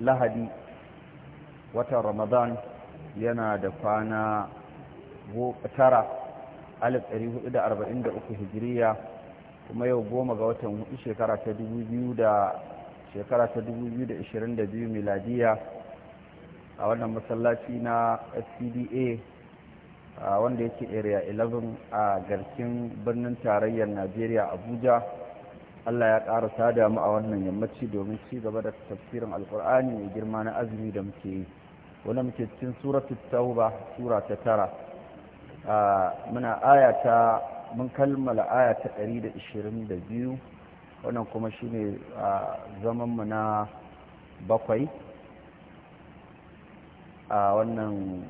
lahadi watan ramadan yana da kwana tara alif uku hijiriya kuma yau goma ga watan hudu shekara ta biyu da shekara ta biyu miladiya a wannan masallaci na fcda wanda yake area 11 a garkin birnin tarayyar najeriya abuja Allah ya ƙara sada mu a wannan yammaci domin ci gaba da tafsirin alkur'ani mai girma na azumi da muke yi wanda muke cikin suratu tauba sura ta tara muna aya ta mun kalmala aya ta 122 wannan kuma shine zaman mu na bakwai a wannan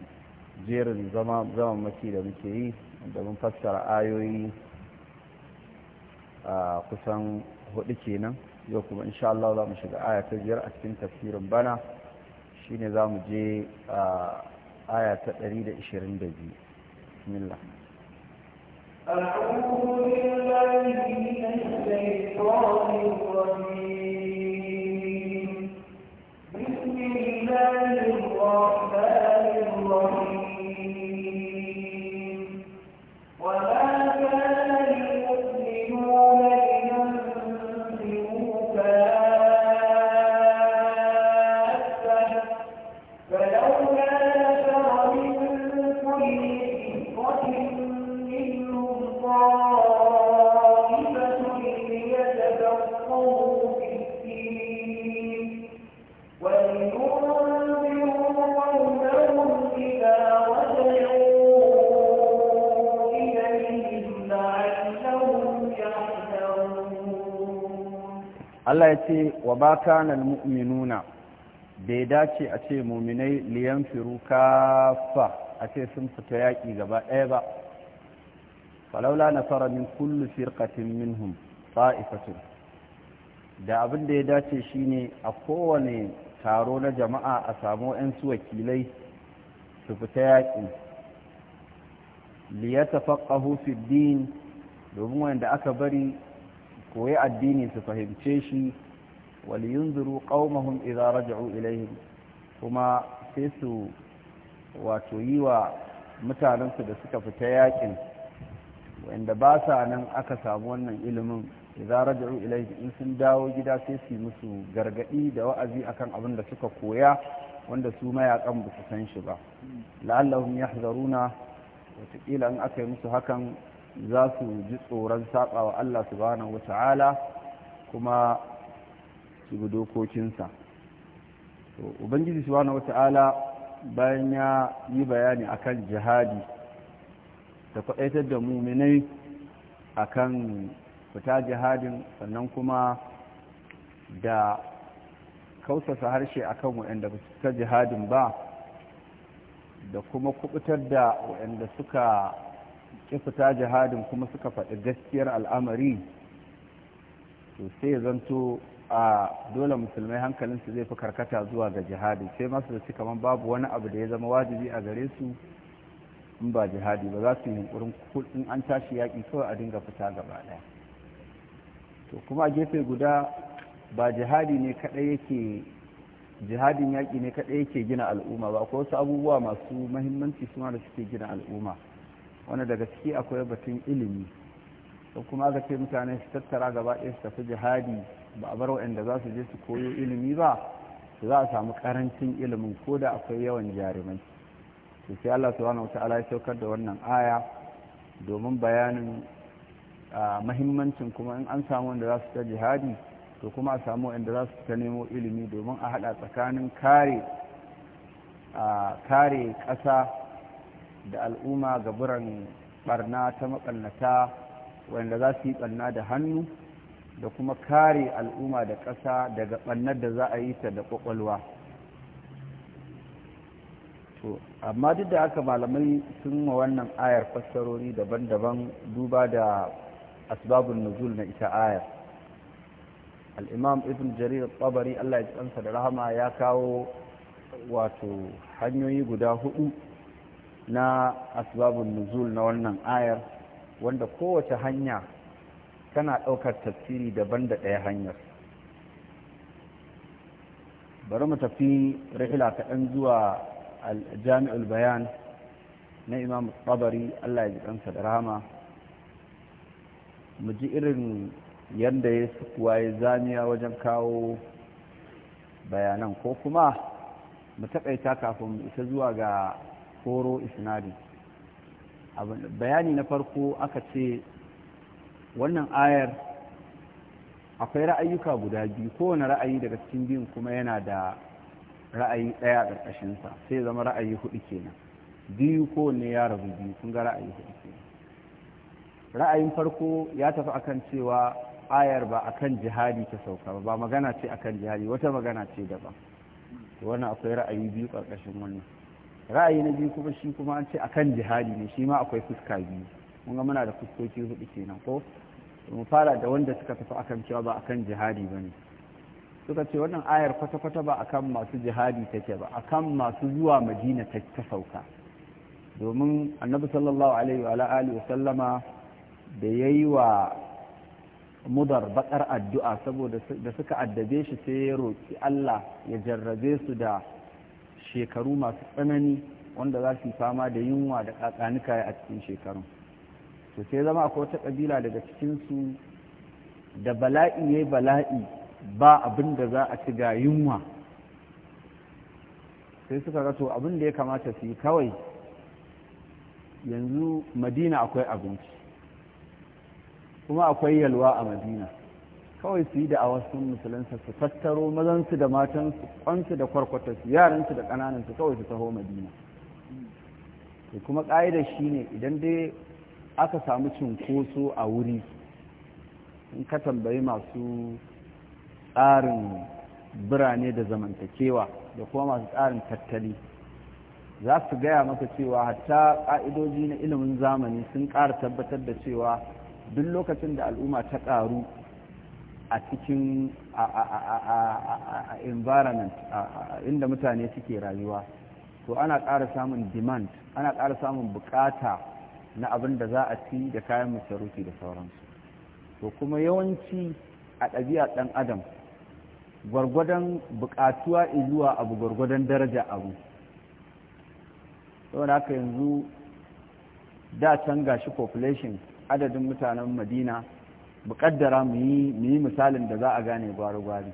jerin zama maki da muke yi da mun fassara ayoyi kusan hudu kenan yau kuma insha Allah za mu shiga aya ta biyar a cikin tafsirin bana shine za mu je aya ta 122 bismillah أعوذ بالله من الشيطان الرجيم بسم الله Allah ya ce wa ba nan mu'minuna bai dace a ce muminai liyan firu kafa a ce sun fita yaƙi gaba ɗaya ba falaula na fara min kullu firkatin minhum ta'ifatun da abin da ya dace shine a kowane taro na jama'a a samu 'yan wakilai su fita yaƙi liyata faƙahu fi din domin wanda aka bari koyi addini su fahimce shi waliyunzuru qaumahum idza raja'u ilaihim kuma sai su wato yi wa mutanensu da suka fita yakin wanda ba sa nan aka samu wannan ilimin idza raja'u in sun dawo gida sai su musu gargadi da wa'azi akan abin da suka koya wanda su mayakan ba su san shi ba la'allahum yahzaruna wataƙila in aka yi musu hakan za su ji tsoron saƙa wa Allah subhanahu wata'ala kuma su bi dokokinsa to ubangiji subhanahu wata'ala bayan ya yi bayani akan jihadi da kwaɗaitar da muminai akan fita jihadin sannan kuma da kausasa harshe akan waɗanda ta jihadin ba da kuma kubutar da waɗanda suka ƙi fita jihadin kuma suka faɗi gaskiyar al'amari to sai zanto a dole musulmai su zai fi karkata zuwa ga jihadi sai masu da kamar babu wani abu da ya zama wajibi a gare su in ba jihadi ba za su yi yunkurin kudin an tashi yaki kawai a dinga fita gaba ɗaya to kuma gefe guda ba jihadi ne kaɗai yake jihadin yaƙi ne kaɗai yake gina al'umma ba akwai wasu abubuwa masu mahimmanci suna da suke gina al'umma wanda daga ciki akwai batun ilimi ko kuma aka ce mutane su tattara gaba ɗaya su tafi jihadi ba a bar wa'anda za su je su koyo ilimi ba Su za a samu karancin ilimin ko da akwai yawan jarumai to sai Allah subhanahu wataala ya saukar da wannan aya domin bayanin mahimmancin kuma in an samu wanda za su ta jihadi to kuma a samu wanda za su ta nemo ilimi domin a haɗa tsakanin kare kare ƙasa da al'umma ga buran barna ta maɓannata wanda za su yi barna da hannu da kuma kare al'umma da ƙasa daga ɓannar da za a yi ta da ƙwaƙwalwa amma duk da haka malamai sun ma wannan ayar fassarori daban-daban duba da asbabun nuzul na ita ayar al'imam ibn jarir tsabari allah ya ansa da rahama ya kawo wato hanyoyi guda hudu na asbabun nuzul na wannan ayar wanda kowace hanya tana ɗaukar tafsiri daban da ɗaya hanyar bari mu tafi rahila kaɗan zuwa jami'ul bayan na imam tsabari allah ya ji ɗansa da rahama mu ji irin yadda ya sukuwa ya zamiya wajen kawo bayanan ko kuma mu taƙaita kafin isa zuwa ga koro isnadi bayani na farko aka ce wannan ayar akwai ra'ayyuka guda biyu kowane ra'ayi daga cikin biyun kuma yana da ra'ayi ɗaya a ƙarƙashinsa sai zama ra'ayi hudu kenan biyu kowanne ya rabu biyu kun ga ra'ayi hudu kenan ra'ayin farko ya tafi akan cewa ayar ba akan jihadi ta sauka ba magana ce akan jihadi wata magana ce daban wannan akwai ra'ayi biyu ƙarƙashin wannan ra'ayi na biyu kuma shi kuma an ce akan jihadi ne shi ma akwai fuska biyu mun ga muna da fuskoki hudu kenan ko mu fara da wanda suka tafi akan cewa ba akan jihadi ba ne suka ce wannan ayar kwata-kwata ba akan masu jihadi take ba akan masu zuwa madina ta sauka domin annabi sallallahu alaihi wa alihi wa sallama da yayi wa mudar bakar addu'a saboda da suka addabe shi sai ya roki Allah ya jarrabe su da shekaru masu tsanani wanda za su yi fama da yunwa da ƙaƙanika a cikin shekarun to sai zama akwai wata ƙabila daga cikinsu da bala'i ya bala'i ba abin da za a ci ga yunwa sai suka ga to abin da ya kamata su yi kawai yanzu madina akwai abinci kuma akwai yalwa a madina kawai su yi da awasun musulunsa su tattaro mazansu da matansu kwansu da kwarkwatarsu yaransu da ƙananansu kawai su taho madina to kuma ƙa'idar shi ne idan dai aka samu cinkoso a wuri in ka tambayi masu tsarin birane da zamantakewa da kuma masu tsarin tattali za su gaya maka cewa hatta ƙa'idoji na ilimin zamani sun ƙara tabbatar da cewa duk lokacin da al'umma ta ƙaru a cikin environment inda mutane suke rayuwa to ana ƙara samun demand ana ƙara samun bukata na abin da za a ci da kayan masarufi da sauransu to kuma yawanci a ɗabi'a ɗan adam gwargwadon buƙatuwa zuwa abu gwargwadon daraja abu saboda haka yanzu da can gashi population adadin mutanen madina buƙaddara mu yi misalin da za a gane gwari-gwari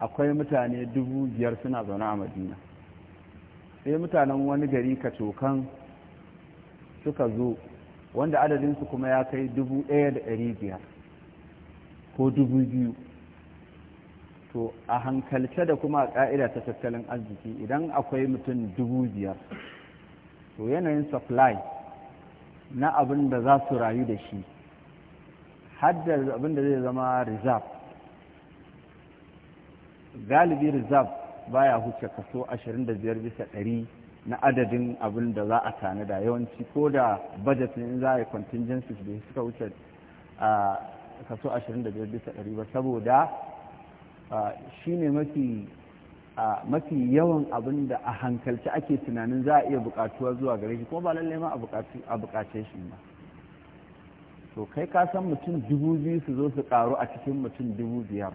akwai mutane dubu biyar suna zaune a madina sai mutanen wani gari ka cokan suka zo wanda adadinsu kuma ya kai dubu ɗaya da ɗari biyar ko dubu biyu to a hankalce da kuma a ƙa'ida ta tattalin arziki idan akwai mutum dubu biyar to yanayin supply na abin da za su rayu da shi Hadda abin da zai zama reserve galibi reserve baya huce kaso 25 bisa 100 na adadin abin da za a da yawanci ko da budget ne za a yi contingencies da suka wuce a kaso 25 bisa 100 ba saboda shi ne mafi mafi yawan abin da a hankalci ake tunanin za a iya bukatuwa zuwa gare shi kuma ba lallai ma a bukace shi ba to kai ka san mutum dubu biyu su zo su karu a cikin mutum dubu biyar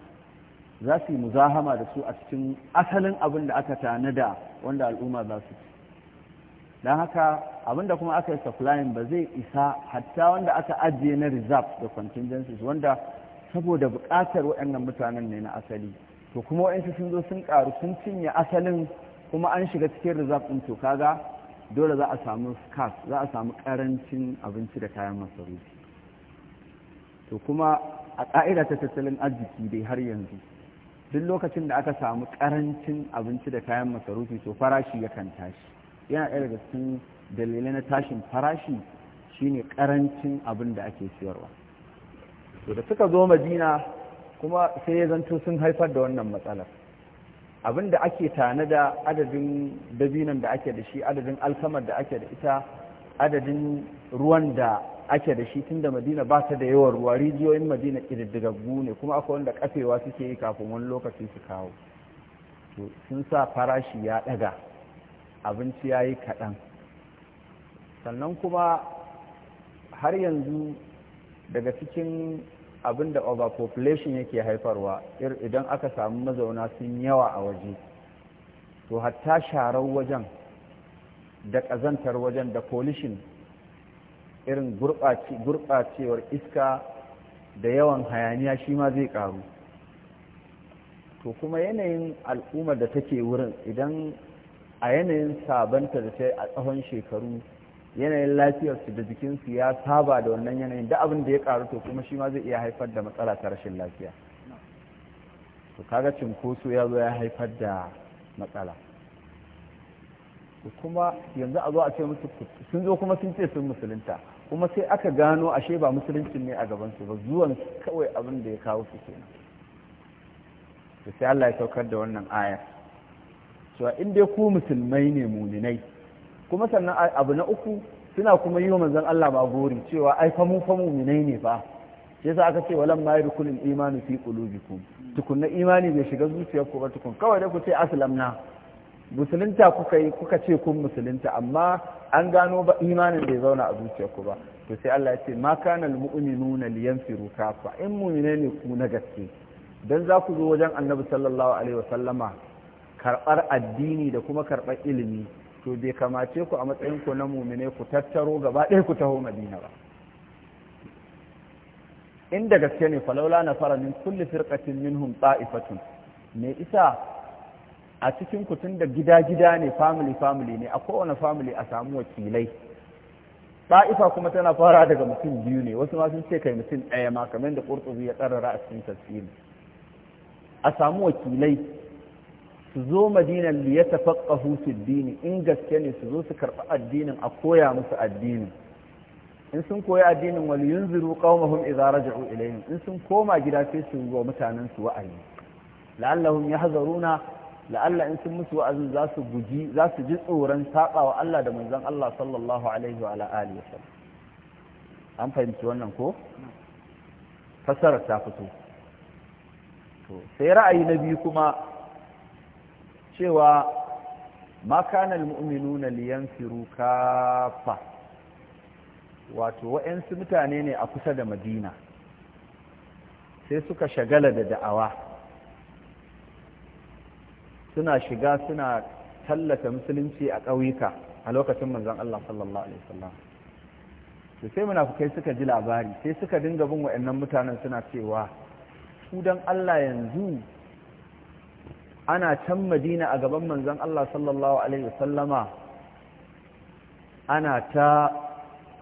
za su yi muzahama da su a cikin asalin abin da aka tanada wanda al'umma za su don haka abin da kuma aka yi supplying ba zai isa hatta wanda aka ajiye na reserve da contingencies wanda saboda buƙatar waɗannan mutanen ne na asali to kuma wayansu sun zo sun karu sun cinye asalin kuma an shiga cikin reserve ɗin to kaga dole za a samu scarce za a samu ƙarancin abinci da kayan masarufi to kuma a ƙa'ida ta tattalin arziki dai har yanzu duk lokacin da aka samu ƙarancin abinci da kayan masarufi to farashi yakan tashi yana ɗaya daga cikin dalilai na tashin farashi shine ƙarancin abin da ake siyarwa to da suka zo madina kuma sai ya zanto sun haifar da wannan matsalar abin da ake tanada adadin dabinan da ake da shi adadin alkamar da ake da ita adadin ruwan da ake da shi tun da madina ba ta da yawan ruwa rijiyoyin madina ƙididdigaggu ne kuma akwai wanda kafewa suke yi kafin wani lokaci su kawo to sun sa farashi ya ɗaga abinci ya yi kaɗan sannan kuma har yanzu daga cikin abin da overpopulation yake haifarwa idan aka samu mazauna sun yawa a waje to hatta sharar wajen da ƙazantar wajen da polishin irin gurɓacewar iska da yawan hayaniya shi ma zai ƙaru to kuma yanayin al'ummar da take wurin idan a yanayin sabanta da ta a tsawon shekaru yanayin lafiyarsu da jikinsu ya saba da wannan yanayin da abin da ya ƙaru to kuma shi ma zai iya haifar da matsala ta rashin lafiya to kaga cinkoso ya zo ya haifar da matsala kuma yanzu a zo a ce musu sun zo kuma sun ce sun musulunta kuma sai aka gano ashe ba musuluncin ne a gabansu ba zuwan kawai abin da ya kawo su kenan da sai Allah ya saukar da wannan aya cewa in dai ku musulmai ne muninai kuma sannan abu na uku suna kuma yi wa manzon Allah ba gori cewa ai fa mu fa muminai ne ba? sai sa aka ce walam ma yadkhulul imanu fi qulubikum tukunna imani bai shiga zuciyarku ba tukun kawai da ku ce aslamna musulunta kuka yi kuka ce kun musulunta amma an gano ba imanin bai zauna a ku ba to sai Allah ya ce ma kana almu'minuna liyanfiru kafa in mu'mine ne ku na gaske dan za ku zo wajen Annabi sallallahu alaihi wasallama karbar addini da kuma karbar ilimi to bai kamace ku a matsayin ku na mu'mine ku tattaro gaba ɗaya ku taho Madina ba in da gaske ne falaula na fara min kulli firqatin minhum ta'ifatun me isa a cikin kutun da gida-gida ne family-family ne a kowane family a samu wakilai ɗa'ifa kuma tana fara daga mutum biyu ne wasu masu ce kai mutum ɗaya ma kamar da ƙurtubi ya ƙarara a cikin a samu wakilai su zo madinan li ya tafaqahu dini in gaske ne su zo su karɓi addinin a koya musu addinin in sun koyi addinin wal yunziru qaumahum idza raja'u ilayhim in sun koma gida sai su wa mutanen su wa'ayi la'allahum yahzaruna la'alla in sun musu wa'azi za su guji za su ji tsoron saba wa Allah da manzon Allah sallallahu alaihi wa alihi sallam an fahimci wannan ko fasarar ta fito to sai ra'ayi na biyu kuma cewa ma kana almu'minuna liyanfiru kafa wato wa'ansu mutane ne a kusa da Madina sai suka shagala da da'awa suna shiga suna tallata musulunci a ƙauyuka a lokacin manzon Allah sallallahu alaihi wasallam da sai munafukai suka ji labari sai suka dinga bin wa'annan mutanen suna cewa su dan Allah yanzu ana can Madina a gaban manzon Allah sallallahu alaihi wasallama ana ta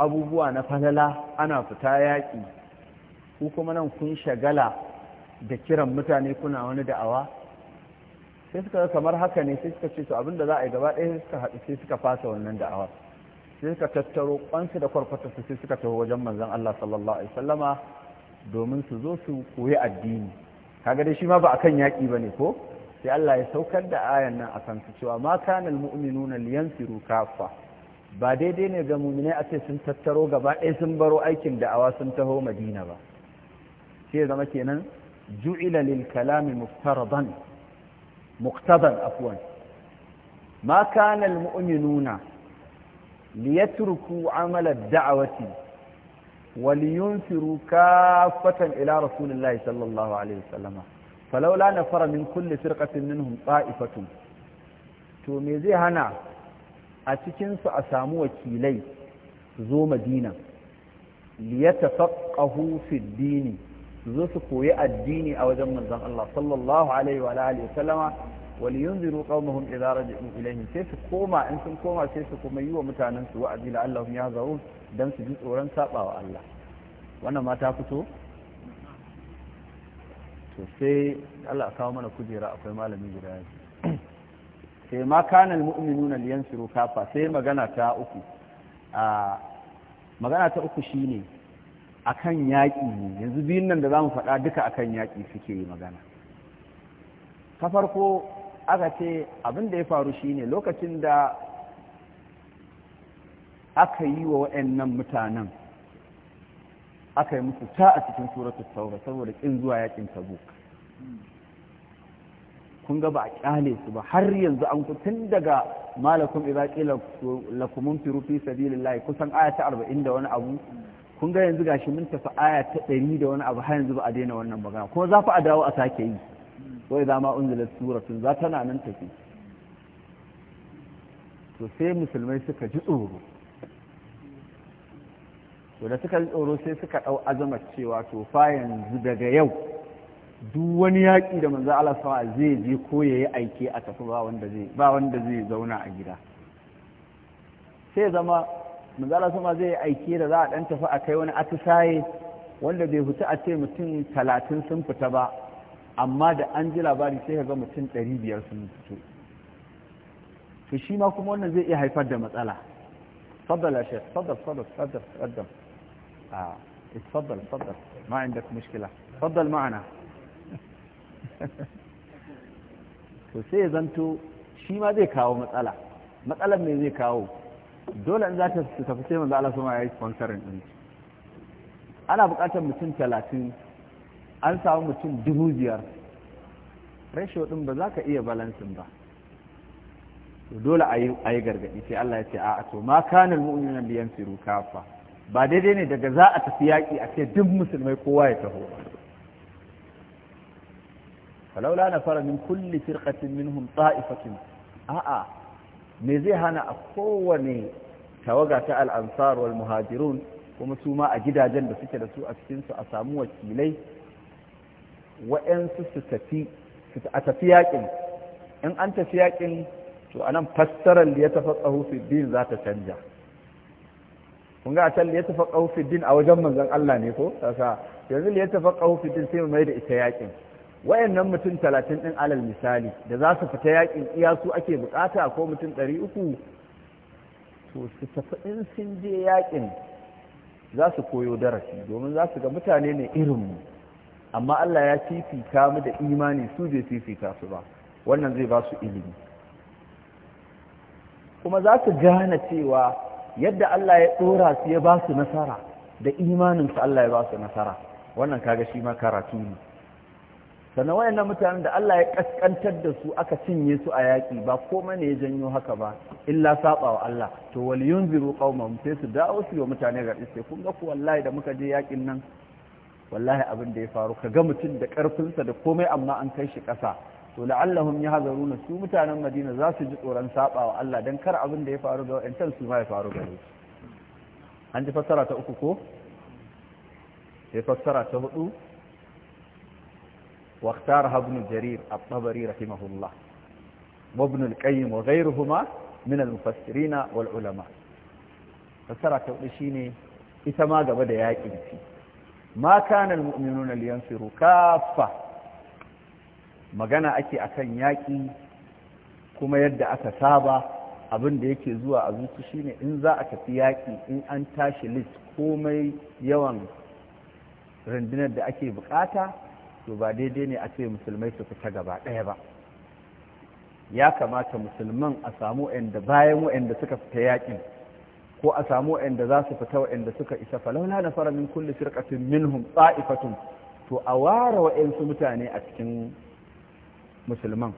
abubuwa na falala ana fita yaƙi ku kuma nan kun shagala da kiran mutane kuna wani da'awa sai suka kamar haka ne sai suka ce su abinda za a yi gaba ɗaya suka haɗu sai suka fasa wannan da'awar sai suka tattaro kwansu da kwarkwata su sai suka taho wajen manzon Allah sallallahu alaihi sallama domin su zo su koyi addini kaga dai shi ma ba akan yaƙi ne ko sai Allah ya saukar da ayan nan akan su cewa ma kana almu'minuna liyanfiru kaffa ba daidai ne ga mu'minai a ce sun tattaro gaba ɗaya sun baro aikin da'awa sun taho Madina ba sai zama kenan ju'ila lil kalami muftaradan مقتضى عفوا ما كان المؤمنون ليتركوا عمل الدعوة ولينفروا كافة إلى رسول الله صلى الله عليه وسلم فلولا نفر من كل فرقة منهم طائفة توميزي هنا أتكنس أسامو وكيلي زو مدينة ليتفقهوا في الدين su zo su koyi addini a wajen manzon Allah sallallahu alaihi wa alihi wa sallama wal yunziru qaumahum idza raja'u ilayhim sai su koma in sun koma sai su kuma yi wa mutanen su wa'azi la Allahum yahzarun dan su ji tsoron sabawa Allah wannan ma ta fito to sai Allah kawo mana kujera akwai malami guda yake sai ma kana almu'minuna liyansiru kafa sai magana ta uku a ah, magana ta uku shine akan yaƙi yanzu biyun nan da za mu faɗa duka akan yaƙi suke yi magana ta farko aka ce abin da ya faru shi ne lokacin da aka yi wa waɗannan mutanen aka yi musu ta a cikin suratun tauba saboda ƙin zuwa yaƙin tabuk kun ga ba a ƙyale su ba har yanzu an ku tun daga malakun idza lakumun firufi sabilillahi kusan aya ta arba'in da wani abu kun ga yanzu gashi mun tafi aya ta ɗari da wani abu har yanzu ba a daina wannan magana kuma za fa a dawo a sake yi wai za ma unzila suratun za tana nan tafi to sai musulmai suka ji tsoro to da suka ji tsoro sai suka ɗau azama cewa to fa yanzu daga yau duk wani yaƙi da manzo Allah sawa zai je ko yayi aiki a tafi ba wanda zai ba wanda zai zauna a gida sai zama manzala sama zai aike da za a dan tafi a kai wani atisaye wanda bai fita a ce mutum talatin sun fita ba amma da an ji labari sai ga mutum ɗari biyar sun fito to shi ma kuma wannan zai iya haifar da matsala faddal ya shek faddal faddal faddal faddal a ah, eh, faddal faddal ma inda ku mushkila faddal ma'ana to sai ya zanto shi ma zai kawo matsala matsalar me zai kawo dole in za ta tafi sai manzo Allah sama yi sponsoring din ana buƙatar mutum 30 an samu mutum 5000 ratio din ba za ka iya balancing ba dole a yi gargadi sai Allah ya ce a to ma kana mu'minan bi yanfiru kafa ba daidai ne daga za a tafi yaki a ce duk musulmai kowa ya taho falaula na fara min kulli firqatin minhum ta'ifatin a'a me zai hana a kowane tawaga ta al'ansar wal muhajirun kuma su ma a gidajen da suke da su a cikinsu a samu wakilai waɗansu su tafi a tafi yaƙin in an tafi yaƙin to anan fassarar da ya tafi ƙahufi din za ta canja kun ga a can da ya tafi ƙahufi din a wajen manzan Allah ne ko yanzu da ya tafi ƙahufi din sai mu mai da ita yaƙin wayannan mutum talatin ɗin alal misali da za su fita yakin iyasu ake bukata ko mutum ɗari uku to su tafi in sun je yakin za su koyo darasi domin za su ga mutane ne mu. amma Allah ya fifita mu da imani su bai fifita su ba wannan zai ba su ilimi kuma za su gane cewa yadda Allah ya ɗora su ya ba su nasara da imaninsu Allah ya ba su nasara wannan kaga shi ma karatu ne sannan wayannan mutanen da Allah ya kaskantar da su aka cinye su a yaƙi ba komai ne ya janyo haka ba illa saba wa Allah to wal yunziru qauman sai su dawo su yi mutane ga sai kun ga ku wallahi da muka je yaƙin nan wallahi abin da ya faru ka ga mutum da ƙarfinsa da komai amma an kai shi ƙasa to la'allahum yahzaruna su mutanen Madina za su ji tsoron saba wa Allah dan kar abin da ya faru ga wayancan su ma ya faru gare su an ji fassara ta uku ko sai fassara ta hudu واختارها ابن جرير الطبري رحمه الله وابن القيم وغيرهما من المفسرين والعلماء فسرى كوليشيني إتماغ بدأيك إنتي ما كان المؤمنون لينفروا كافة مغانا أكي أكن ياكي كما يدى أكسابة abin da yake zuwa a zuci shine in za a tafi yaki in an tashi list komai yawan to ba daidai ne a ce musulmai su fita gaba ɗaya ba ya kamata musulman a samu wa'anda bayan wa'anda suka fita yakin ko a samu wa'anda za su fita wa'anda suka isa falaula na fara min kulli firqatin minhum ta'ifatun to a ware wa'ansu mutane a cikin musulman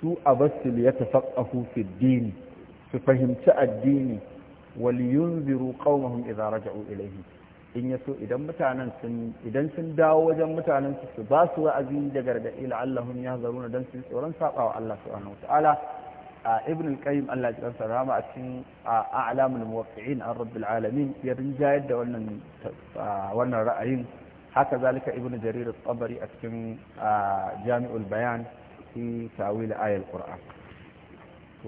su abassil ya tafaqahu fi din su fahimci addini wal yunziru qaumahum idza raja'u ilayhi in ya so idan mutanen sun idan sun dawo wajen mutanen su su ba su wa'azi da gargaɗi la'allahum ya zaruna don su tsoron saɓawa Allah subhanahu ta'ala. a ibn al-qayyim Allah ya tsara rama a cikin a'lamul muwaqqi'in an rabbil alamin ya rinjayar da wannan wannan ra'ayin haka zalika ibn jarir at-tabari a cikin jami'ul bayan fi tawil ayatul qur'an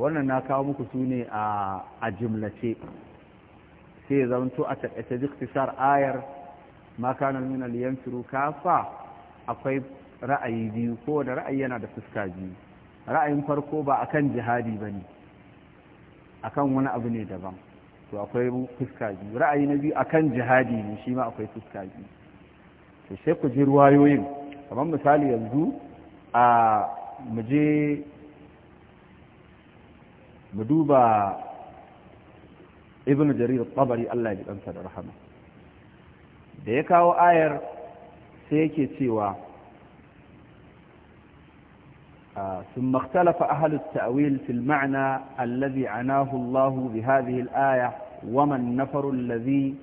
wannan na kawo muku sune a jumlace sai ya zato a duk fisar ayar makanar min firu kafa akwai ra'ayi biyu da ra'ayi yana da fuska biyu ra'ayin farko ba akan jihadi ba ne akan wani abu ne daban to akwai fuska biyu ra'ayi na biyu akan jihadi ne shi ma akwai fuska biyu to sai ku ji ruwayoyin kamar misali yanzu a muje mu duba ibn jarir tabari Allah ya ɗansa da rahama da ya kawo ayar sai yake cewa sun ah, makhtalafa ahalus ta'awil fil ma'ana allazi anahu Allah bi hadhihi al-aya wa man nafaru allazi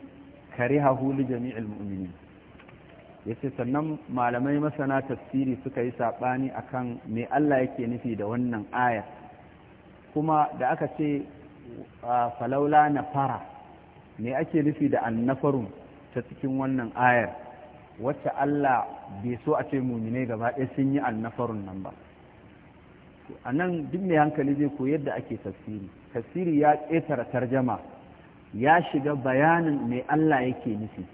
karihahu li jami'il mu'minin yace sannan malamai masana tafsiri suka yi sabani akan me Allah yake nufi da wannan aya kuma da aka ce falaula na fara ne ake nufi da annafarun ta cikin wannan ayar wacce Allah bai so a ce ne gaba ɗaya sun yi annafarun nan ba a nan duk mai hankali zai koyi yadda ake tafsiri tafsiri ya ƙetara tarjama ya shiga bayanin mai Allah yake nufi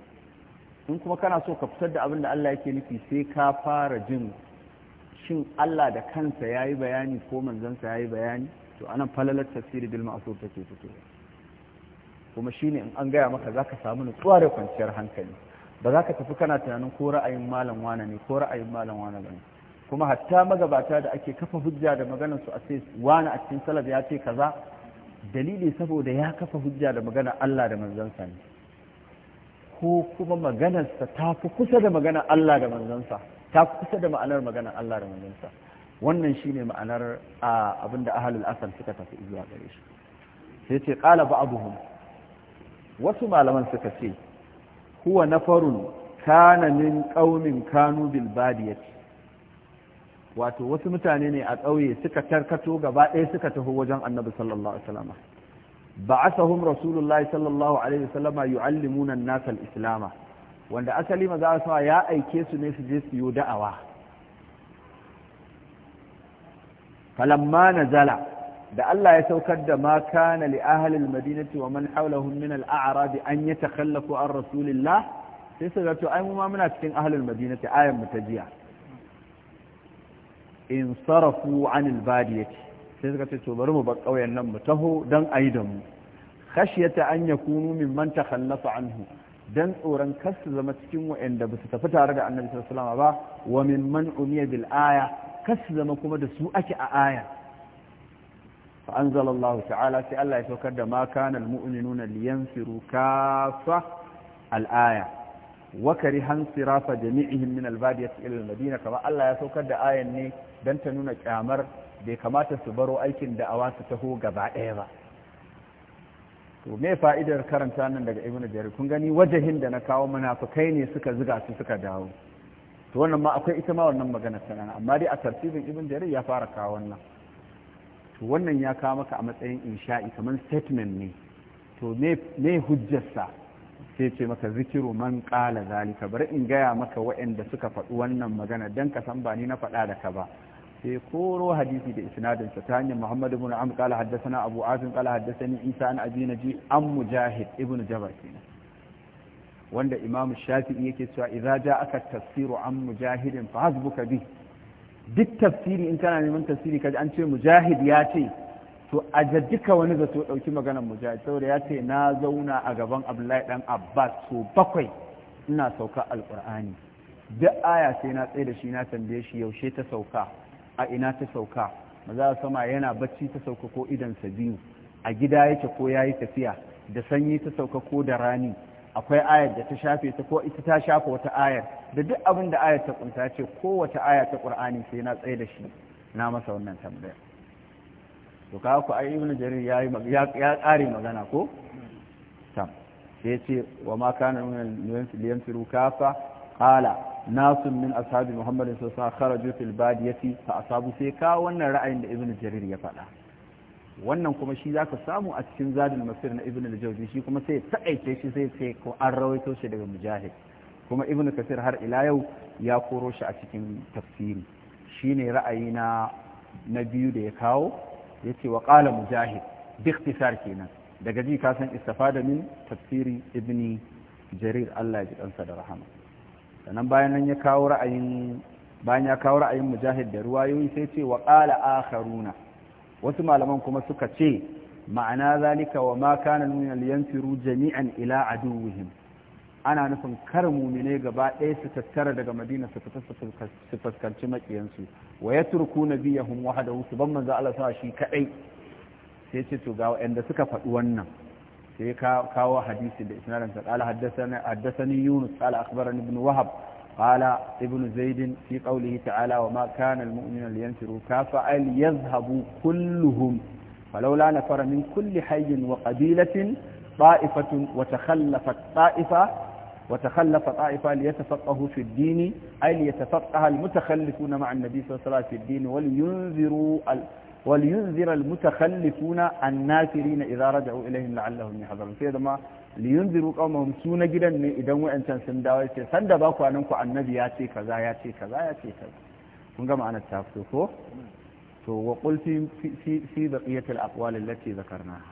in kuma kana so ka fitar da abin da Allah yake nufi sai ka fara jin shin Allah da kansa ya yi bayani ko manzansa ya yi bayani to anan falalar tafsiri bil ma'sur take fito kuma shine in an gaya maka zaka samu nutsuwa da kwanciyar hankali ba za ka tafi kana tunanin ko ra'ayin malam wane ne ko ra'ayin malam wane ne kuma hatta magabata da ake kafa hujja da maganar su a sai wani a cikin salaf ya ce kaza dalili saboda ya kafa hujja da magana Allah da manzansa ne ko kuma maganarsa ta fi kusa da maganar Allah da manzansa ta kusa da ma'anar maganar Allah da manzansa wannan shine ma'anar abinda ahalul asal suka tafi zuwa gare shi sai ce qala ba'dhum wasu malaman suka ce huwa nafarun kana min qaumin kanu bil badiyati wato wasu mutane ne a ƙauye suka tarkato gaba ɗaya suka taho wajen annabi sallallahu alaihi wasallam ba'asahum rasulullahi sallallahu alaihi wasallam yu'allimuna an-nas al-islama wanda asali maza sa ya aike su ne su je su yi da'awa falamma nazala da Allah ya saukar da ma kana li ahli madinati wa man hawlahum min al-a'rab an yatakhallafu an rasulillah sai su zato ai mu ma muna cikin ahli madinati ayan mu ta jiya in sarafu an albadiyati sai suka ce to bari mu bar kauyen nan mu taho dan ayi da mu khashyata an yakunu mimman takhallafa anhu dan tsoron kar su zama cikin wa'anda ba su tafi tare da annabi sallallahu alaihi wasallam ba wa mimman umiya bil aya kar su zama kuma da su ake a aya fa anzalallahu ta'ala sai Allah ya saukar da ma kana almu'minuna liyanfiru kafa al-aya wa karihan sirafa jami'ihim min al-badiyati ila al-madina kama Allah ya saukar da ayan ne dan ta nuna kyamar bai kamata su baro aikin da da'awa su taho gaba ɗaya ba to me fa'idar karanta nan daga ibnu jarir kun gani wajahin da na kawo munafukai ne suka ziga su suka dawo to wannan ma akwai ita ma wannan magana sanan amma dai a tartibin ibn jarir ya fara kawo wannan to wannan ya kawo maka a matsayin insha'i kamar statement ne to me hujjarsa sai ce maka zikiru man kala zalika bari in gaya maka waɗanda suka faɗi wannan magana don ka san ba ni na faɗa da ka ba sai koro hadisi da isnadinsa ta hanyar muhammad ibn amr qala haddathana abu azim qala haddathani isa an abi naji an mujahid ibn jabar kenan wanda imam shafi'i yake cewa idza aka tafsiru an mujahidin fa hasbuka bi duk tafsiri in kana neman tafsiri kaji an ce mujahid ya ce to a duka wani zato dauki maganar mujahid saboda ya ce na zauna a gaban abdullahi dan abbas so bakwai ina sauka alqur'ani duk aya sai na tsaye da shi na tambaye shi yaushe ta sauka a ina ta sauka maza sama yana bacci ta sauka ko idan sa biyu a gida yake ko yayi tafiya da sanyi ta sauka ko da rani akwai ayar da ta shafe ta ko ita ta shafa wata ayar da duk abin da ayar ta kunta ce wata aya ta qur'ani sai na tsaye da shi na masa wannan tambaya to ka ku ai ibnu jarir yayi ya kare magana ko tam sai ce wa ma kana min liyanfiru kafa qala nasun min ashabi muhammadin sallallahu alaihi wasallam kharaju fil badiyati fa asabu sai ka wannan ra'ayin da ibnu jarir ya faɗa wannan kuma shi zaka samu a cikin zadin masir na ibn al-jawzi shi kuma sai taƙaice shi sai sai ko an rawaito shi daga mujahid kuma ibn kasir har ila yau ya koro shi a cikin tafsiri shine ra'ayi na na biyu da ya kawo yace wa qala mujahid bi ikhtisar kenan daga ji ka san istifada min tafsiri ibn jarir Allah ya ji dansa da rahama sannan bayan nan ya kawo ra'ayin bayan ya kawo ra'ayin mujahid da ruwayoyi sai ce wa qala akharuna wasu malaman kuma suka ce ma'ana zalika wa ma kana nuna liyanfiru jami'an ila aduwihim ana nufin kar mumine gaba ɗaya su tattara daga madina su fita su fuskanci makiyansu wa ya turku na hun wahada su ban manzo Allah sa shi kaɗai sai ce to ga waɗanda suka faɗi wannan sai kawo hadisi da isnadin sa qala haddathani yunus qala akhbarani ibn wahab قال ابن زيد في قوله تعالى وما كان المؤمن لينفروا كافة ليذهبوا كلهم فلولا نفر من كل حي وقبيلة طائفة وتخلفت طائفة وتخلف طائفة ليتفقهوا في الدين أي ليتفقه المتخلفون مع النبي صلى الله عليه وسلم في الدين ولينذروا ولينذر المتخلفون الناثرين إذا رجعوا إليهم لعلهم يحذرون في ما liyunziru qaumahum su na gidan ne idan wayancan sun dawo ce sanda ba anan ku annabi ya ce kaza ya ce kaza ya ce kaza kun ga ma'anar ta fito ko to wa qul fi fi baqiyatil aqwal allati dhakarnaha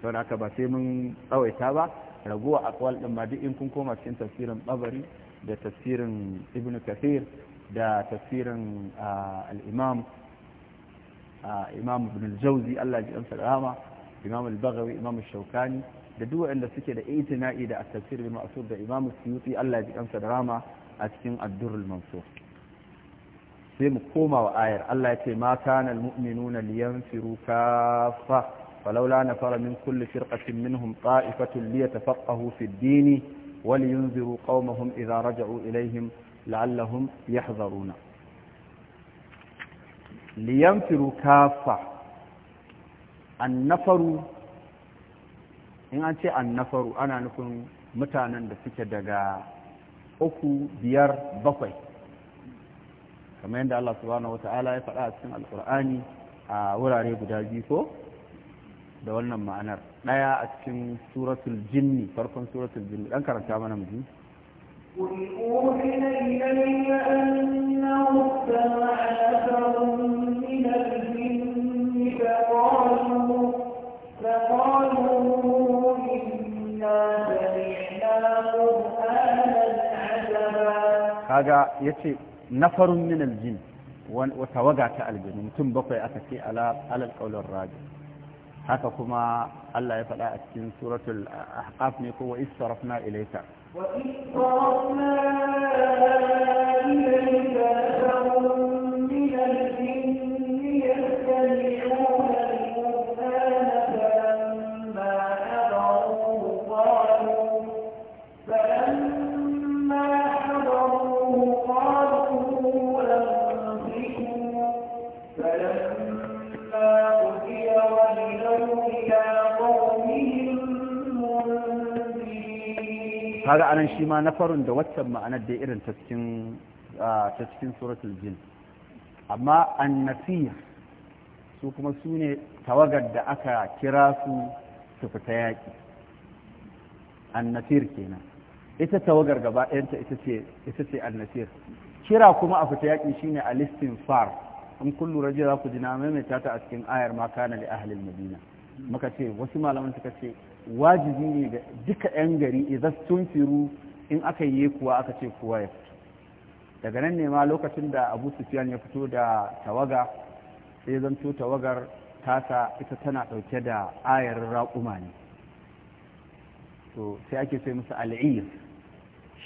to da ba sai mun tsawaita ba raguwa aqwal din ma duk in kun koma cikin tafsirin babari da tafsirin ibnu kathir da tafsirin al-imam imam ibn al-jawzi Allah ya ji amsa rahama imam al-baghawi imam al-shawkani da duk wanda suke da itina'i da at-tafsir bil ma'sur da Imam Suyuti Allah ya kansa da rama a cikin ad-durrul mansur sai mu koma wa ayar Allah ya ce ma kana al-mu'minuna liyanfiru kaffa falawla nafara min kulli firqatin minhum ta'ifatun liyatafaqahu fi ad-din wa liyunziru qaumahum idha raja'u ilayhim la'allahum yahdharuna liyanfiru kaffa an-nafaru in an ce an annafaru ana nufin mutanen da suke daga uku biyar bakwai kamar yadda Allah subhanahu ta'ala ya faɗa a cikin alkur'ani a wurare guda biyu ko da wannan ma'anar ɗaya a cikin suratul jinni farkon suratul jinni ɗan karanta mana mu قل أوحي إلي أنه استمع نفر من الجن kaga yace nafarun min aljin wata tawaga ta aljin mutum bakwai aka ce ala alal qawlir haka kuma Allah ya faɗa a cikin suratul ahqaf ne ko wa isarafna ilaita wa kaga anan shi ma na farin da waccan ma'anar da irin ta cikin ta cikin suratul jin amma annasir su kuma su tawagar da aka kira su su fita yaƙi annasir kenan ita tawagar gaba ɗayanta ita ce ita ce annasir kira kuma a fita yaƙi shine listin far in kun lura za ku ji na maimaita ta a cikin ayar ma kana li ahlil madina muka ce wasu malaman suka ce wajibi ne ga duka 'yan gari idan sun firu in aka yi kuwa aka ce kowa ya fito daga nan ne ma lokacin da abu sufiyan ya fito da tawaga sai zanto tawagar tasa ita tana ɗauke da ayar raƙuma ne to sai ake sai musu al'ir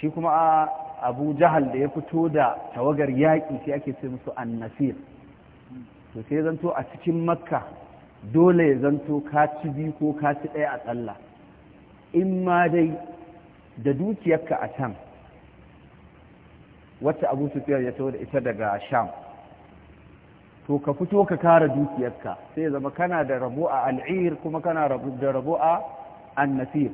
shi kuma abu jahal da ya fito da tawagar yaƙi sai ake sai musu annasir to sai zanto a cikin makka dole ya zanto ka ci biyu ko ka ci ɗaya a tsalla in ma dai da dukiyarka a can wacce abu sufiyar ya da ita daga sham to ka fito ka kara dukiyarka sai zama kana da rabo a al'ir kuma kana da rabo a annasir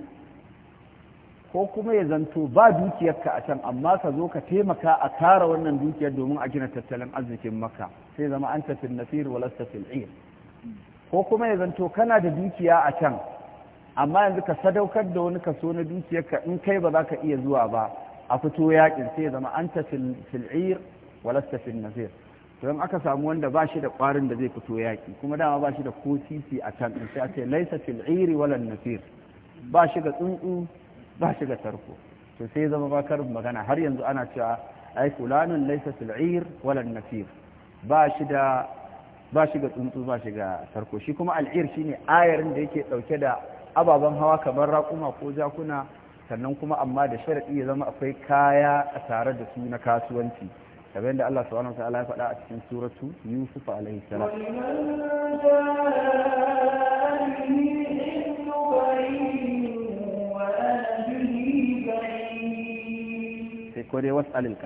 ko kuma ya zanto ba dukiyarka a can amma ka zo ka taimaka a kara wannan dukiyar domin a gina tattalin arzikin maka sai zama an tafin nasir walasta fil'ir ko kuma ya zanto kana da dukiya a can amma yanzu ka sadaukar da wani kaso na dukiyarka in kai ba za ka iya zuwa ba a fito yakin sai zama an ta fil'ir walasta fil nazir to in aka samu wanda ba shi da kwarin da zai fito yaki kuma dama ba shi da ko sisi a can sai a ce laisa fil'iri walan nazir ba shi ga tsuntsu ba shi ga tarko to sai zama ba karin magana har yanzu ana cewa ai fulanun laisa fil'ir walan nazir ba shi da ba shi ga tsuntsu ba shi ga sarko shi kuma al'ir shine ayarin da yake dauke da ababen hawa kamar raƙuma ko jakuna sannan kuma amma da sharadi ya zama akwai kaya a tare da su na kasuwanci kamar yadda Allah subhanahu wa ta'ala ya faɗa a cikin suratu Yusuf alaihi salam sai ko dai wasu alil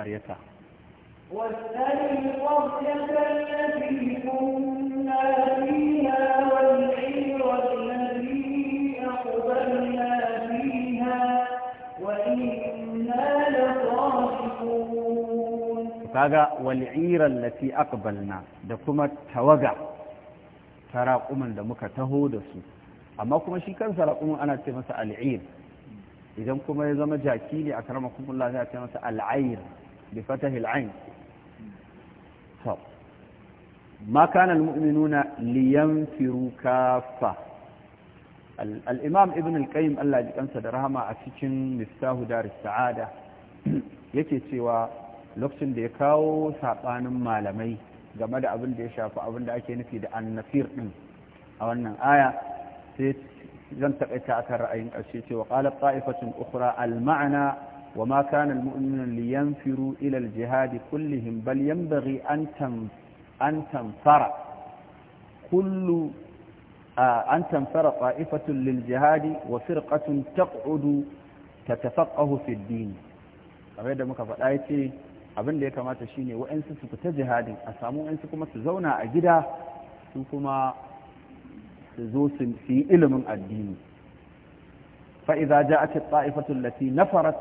والثاني قرية التي كنا فيها والعير الذي أقبلنا فيها وإنا لصادقون kaga wal'ira allati aqbalna da kuma tawaga taraquman da muka taho da su amma kuma shi kansa raquman ana ce masa al'ir idan kuma ya zama jaki ne a karamakumullah za a ce masa al'air bi fatahil ain ما كان المؤمنون لينفروا كافة الإمام ابن القيم الله جي أنسى درهما أسيشن مفتاه دار السعادة يكي سوى لقصن دي كاو ساقان مالمي جمع أبن دي شافة أبن دا أكي نفي دا نفير أو أن آية سيت لم زنتق إتاكر أين أسيشن وقال الطائفة أخرى المعنى وما كان المؤمن لينفروا إلى الجهاد كلهم بل ينبغي أن تنفر أن تنفر كل أن تنفر طائفة للجهاد وفرقة تقعد تتفقه في الدين kamar da muka faɗa ya ce abin da ya kamata shine wa'ansu su fita jihadin a samu wa'ansu kuma su zauna a gida su kuma su zo su yi ilimin addini fa'iza ja a ce ta'ifatun lati nafarat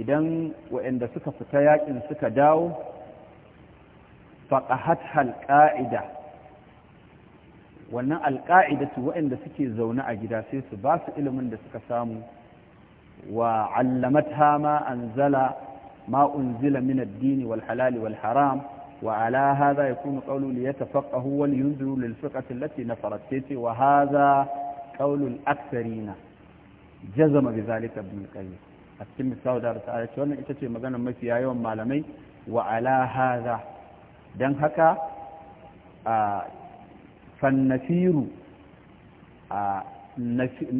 idan wa'anda suka fita yakin suka dawo فقهتها القاعدة وانا القاعدة وإن دسكي زونا أجراسي سباس إلى من دسك سامو وعلمتها ما أنزل ما أنزل من الدين والحلال والحرام وعلى هذا يكون قول ليتفقه ولينزل للفقة التي نفرت سيتي وهذا قول الأكثرين جزم بذلك ابن القيم أتم الساودة رسالة وانا إتتي مغانا ما في أيوم معلمين وعلى هذا don haka a fannafiru a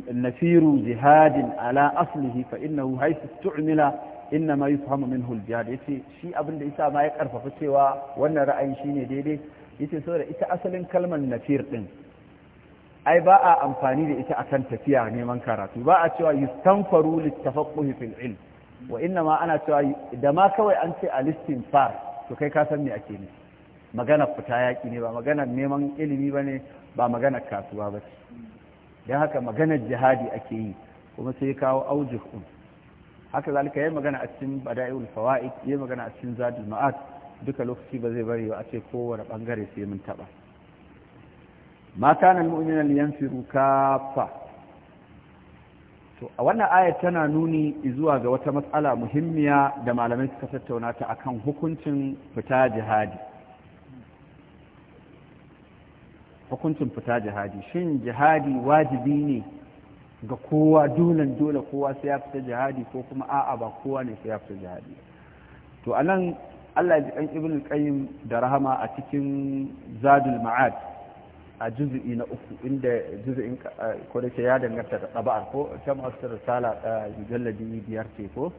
nafiru jihadin ala aslihi fa innahu haisu tu'mila inna ma yufhamu min al-jihad yace shi abinda isa ma ya karfafa cewa wannan ra'ayin shine daidai yace saboda ita asalin kalmar nafir din ai ba a amfani da ita akan tafiya neman karatu ba a cewa yustanfaru litafaqquhi fil ilm wa inna ma ana cewa da ma kawai an ce far to kai ka san me ake nufi maganar fita yaƙi ne ba maganar neman ilimi ba ne ba maganar kasuwa ba ce don haka maganar jihadi ake yi kuma sai kawo aujihun haka zalika yi magana a cikin bada'iul fawaid yi magana a cikin zadul ma'ad duka lokaci ba zai bari ba a ce kowane bangare sai mun taba ma kana almu'mina liyanfiru kafa. to a wannan aya tana nuni zuwa ga wata matsala muhimmiya da malamai suka tattauna ta akan hukuncin fita jihadi hukuncin fita jihadi shin jihadi wajibi ne ga kowa dolan dole kowa sai ya fita jihadi ko kuma a'a ba kowa ne sai ya fita jihadi to anan Allah ji ɗan ibn qayyim da rahama a cikin zadul ma'ad a juz'i na uku inda juz'in eh, ko da ya danganta da tabar ko ta ma'asar risala eh, jalladi biyar ce ko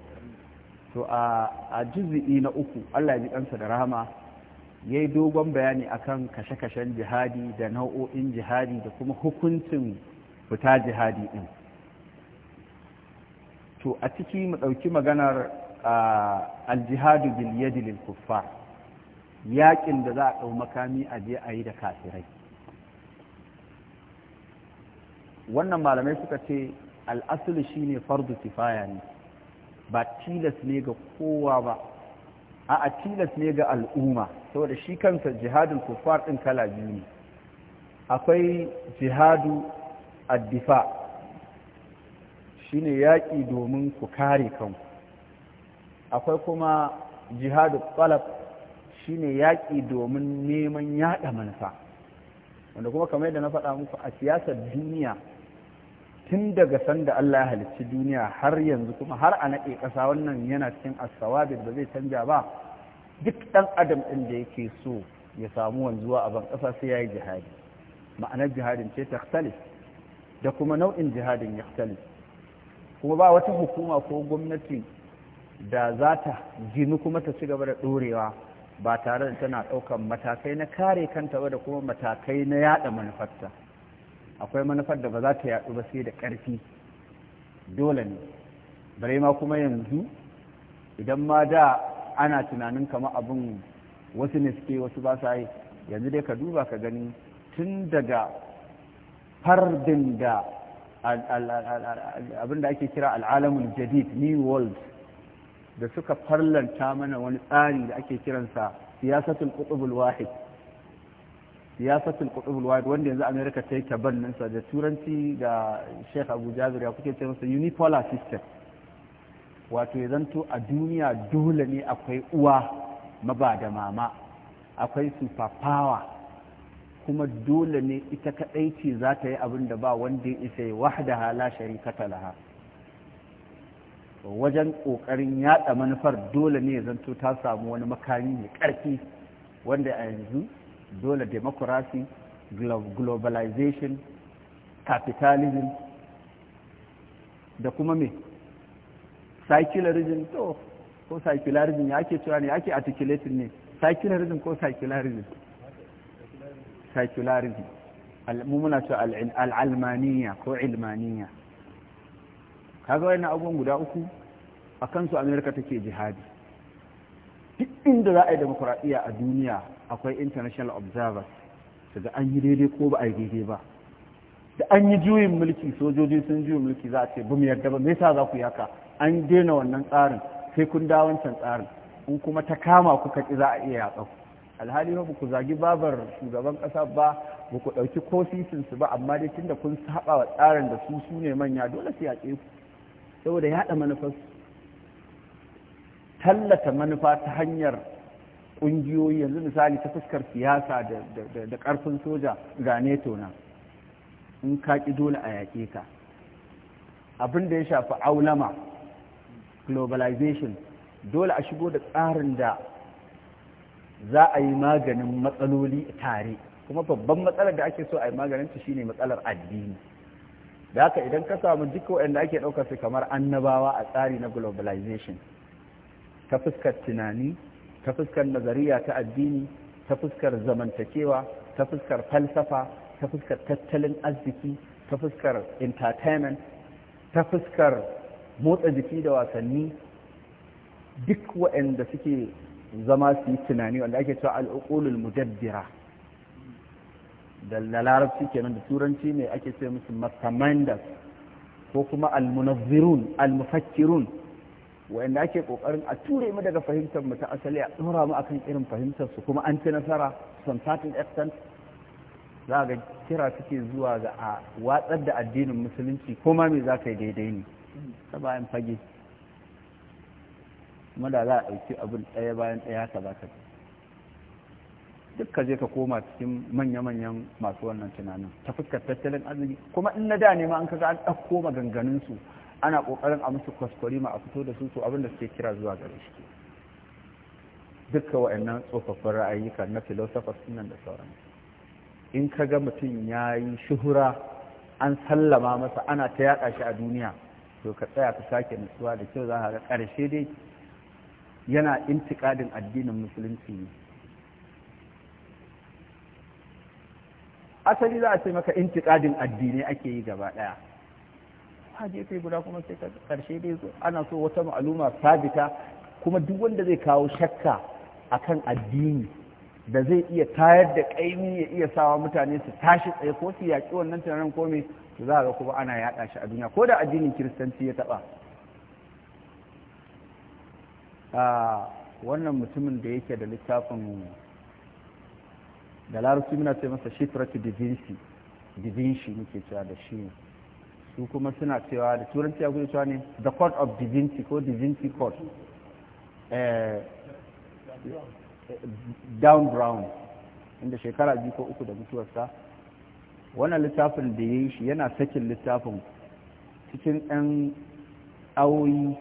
to a juz'i na uku Allah ya ji kansa da rahama ya yi dogon bayani akan kashe-kashen jihadi da nau'o'in jihadi da kuma hukuncin fita jihadi ɗin to a ciki mu ɗauki maganar aljihadu bil yadilin kuffa yaƙin da za a ɗau makami a je a yi da kafirai wannan malamai suka ce al'asulu shine fardu kifaya ne ba tilas ne ga kowa ba a a tilas ne ga al'umma saboda shi kansa jihadin kufar ɗin kala biyu ne akwai jihadu addifa shine yaƙi domin ku kare kanku akwai kuma jihadu shi shine yaƙi domin neman yaɗa manufa wanda kuma kamar yadda na faɗa muku a siyasar duniya tun daga sanda Allah ya halicci duniya har yanzu kuma har a naɗe ƙasa wannan yana cikin asawabin ba zai canja ba duk ɗan adam ɗin da yake so ya samu wanzuwa a ban ƙasa sai ya yi jihadi ma'anar jihadin ce takhtalif da kuma nau'in jihadin yakhtalif kuma ba wata hukuma ko gwamnati da za ta ginu kuma ta ci gaba da ɗorewa ba tare da tana ɗaukan matakai na kare kanta ba da kuma matakai na yaɗa manufarta akwai manufar da ba za ta yaɗu ba sai da ƙarfi dole ne bare ma kuma yanzu idan ma da ana tunanin kama abin wasu ne suke wasu ba sa yi yanzu dai ka duba ka gani tun daga fardin da abin da ake kira al'alamun jadid new world da suka farlanta mana wani tsari da ake kiransa siyasatul qutbul wahid siyasatul qutbul wahid wanda yanzu America ta yi nan sa da turanci da Sheikh Abu Jabir ya kuke ce masa unipolar system wato ya zanto a duniya dole ne akwai uwa maba da mama akwai super power kuma dole ne ita kadai ce za ta yi abin da ba wanda ya isa wahdaha la sharikata laha wajen kokarin yada manufar dole ne ya zanto ta samu wani makami mai ƙarfi wanda a yanzu dole democracy globalization capitalism da kuma me secularism to ko secularism ya ake cewa ne ake articulating ne secularism ko secularism secularism mu muna cewa al'almaniya ko ilmaniya kaga wannan abubuwan guda uku a kansu amerika take jihadi duk inda za a yi demokuraɗiyya a duniya akwai international observers daga an yi daidai ko ba a yi daidai ba da an yi juyin mulki sojoji sun juyin mulki za a ce bamu yarda ba me yasa za ku yaka an daina wannan tsarin sai kun dawo wancan tsarin in kuma ta kama kuka ki za a iya yatsa alhali ba ku zagi babar shugaban kasa ba ba ku ɗauki kofisin su ba amma dai tunda kun saba wa tsarin da su sune manya dole su yaƙe ku saboda yaɗa manufarsu tallata manufa ta hanyar ƙungiyoyi yanzu misali ta fuskar siyasa da ƙarfin soja ga neto na in ka ƙi dole a yaƙe ka abin da ya shafi aulama globalization dole a shigo da tsarin da za a yi maganin matsaloli tare kuma babban matsalar da ake so a yi maganinta shine matsalar addini da haka idan ka samu duka waɗanda ake ɗaukar su kamar annabawa a tsari na globalization ta fuskar tunani ta fuskar nazariya ta addini ta fuskar zamantakewa ta fuskar falsafa ta fuskar tattalin arziki ta fuskar entertainment ta fuskar motsa jiki da wasanni duk waɗanda suke zama su yi tunani wanda ake cewa al'ukulul mudabbira da larabci kenan da turanci ne ake ce musu masamandas, ko kuma al-munazzirun al-mufakkirun wanda ake kokarin a ture mu daga fahimtar mu ta asali a tsora mu akan irin fahimtar su kuma an ci nasara from certain extent za ga kira suke zuwa ga a watsar da addinin musulunci ko ma me za ka yi daidai ne ta bayan fage kuma da za a ɗauki abin ɗaya bayan ɗaya ka za ka duk ka je ka koma cikin manya-manyan masu wannan tunanin ta fuskar tattalin arziki kuma in na da ne ma an ga an ɗauko maganganun su ana kokarin a musu kwaskwari ma a fito da su su abin da suke kira zuwa gare shi dukkan wa'annan tsofaffin ra'ayyuka na philosophers nan da sauran in ka ga mutum ya yi shuhura an sallama masa ana ta yaɗa shi a duniya to ka tsaya ka sake nutsuwa da kyau za ka ga ƙarshe dai yana intikadin addinin musulunci ne asali za a ce maka intikadin addinai ake yi gaba ɗaya ka kai guda kuma sai ka karshe dai ana so wata ma'aluma sabita kuma duk wanda zai kawo shakka akan addini da zai iya tayar da kaimi ya iya sawa mutane su tashi tsaye ko su yaƙi wannan tunanin komai to za ga kuma ana yaɗa shi a duniya ko da addinin kiristanci ya taɓa wannan mutumin da yake da littafin da larusi muna ce masa shifratu da divinci da muke cewa da shi ne su kuma suna cewa da turanci ya cewa ne the court of divinity ko divinity court eh, down brown inda shekara biyu ko uku da mutuwarsa wannan littafin da ya yi shi yana sakin littafin cikin 'yan awoyi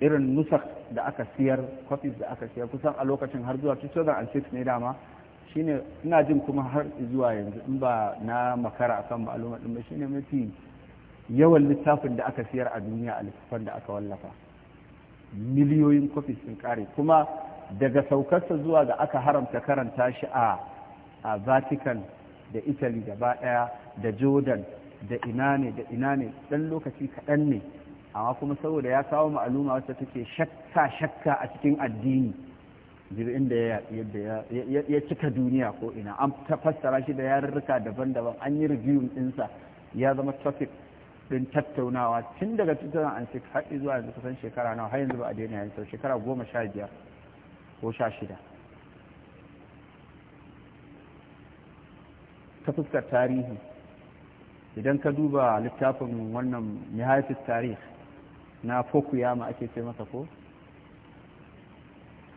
irin nusak da aka siyar copies da aka siyar kusan a lokacin har zuwa 2006 ne dama shine ina jin kuma har zuwa yanzu in ba na makara akan ma'aluma ba shine mafi yawan littafin da aka siyar a duniya a littafan da aka wallafa miliyoyin kofi sun kare kuma daga saukarsa zuwa ga aka haramta karanta shi a a vatican da italy gaba daya da jordan da ina ne da ina ne dan lokaci kaɗan ne amma kuma saboda ya kawo ma'aluma wacce take shakka shakka a cikin addini jirgin da ya cika duniya ko ina an ta fassara shi da yarurruka daban-daban an yi review ɗinsa ya zama traffic don tattaunawa tun daga tattaunawa an har zuwa yanzu kusan shekara nawa har yanzu ba a daina yanzu shekara goma sha biyar ko sha shida ta fuskar tarihi idan ka duba littafin wannan mihaifis tarih na fokuyama ake ce masa ko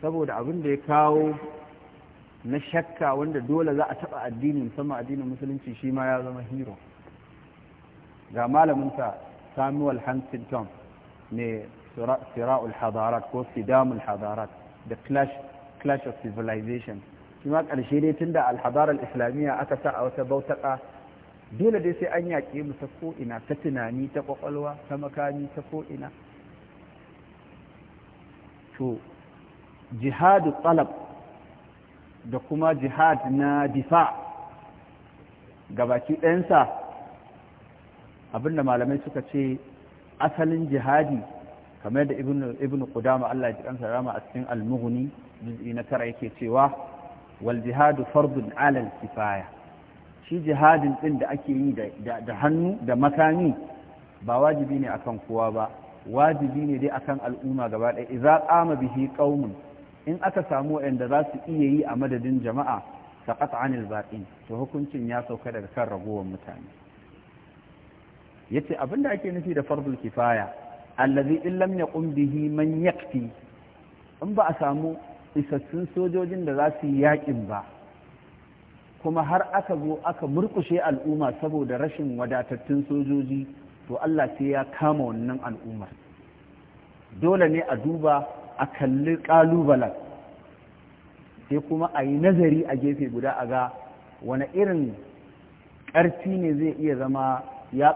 saboda abin da ya kawo na shakka wanda dole za a taɓa addinin musamman addinin musulunci shi ma ya zama hero ga malaminsa samuel huntington ne sira'ul hadarat ko sidamul hadarat the clash clash of civilization kuma ma ƙarshe dai tun da alhadarar islamiyya aka sa a wata bautaka dole dai sai an yaƙe mu ta ko'ina ta tunani ta ƙwaƙwalwa ta makami ta ko'ina to jihadu talab da kuma jihad na difa gabaki ɗansa abinda malamai suka ce asalin jihadi kamar da ibn qudama Allah ya kansa rama a cikin al-mughni juz'i na tara yake cewa wal jihadu fardun ala al-kifaya shi jihadin din da ake yi da hannu da makami ba wajibi ne akan kowa ba wajibi ne dai akan al'umma gaba ɗaya idza qama bihi qaumun in aka samu wanda za su iya yi a madadin jama'a saqat anil baqin to hukuncin ya sauka daga kan ragowar mutane yace abinda ake nufi da fardul kifaya allazi in lam yaqum bihi man yaqti in ba a samu isassun sojojin da za su yi yakin ba kuma har aka zo aka murkushe al'umma saboda rashin wadatattun sojoji to Allah sai ya kama wannan al'ummar dole ne a duba a kalli kalubalen sai kuma a yi nazari a gefe guda a ga wani irin ƙarfi ne zai iya zama ya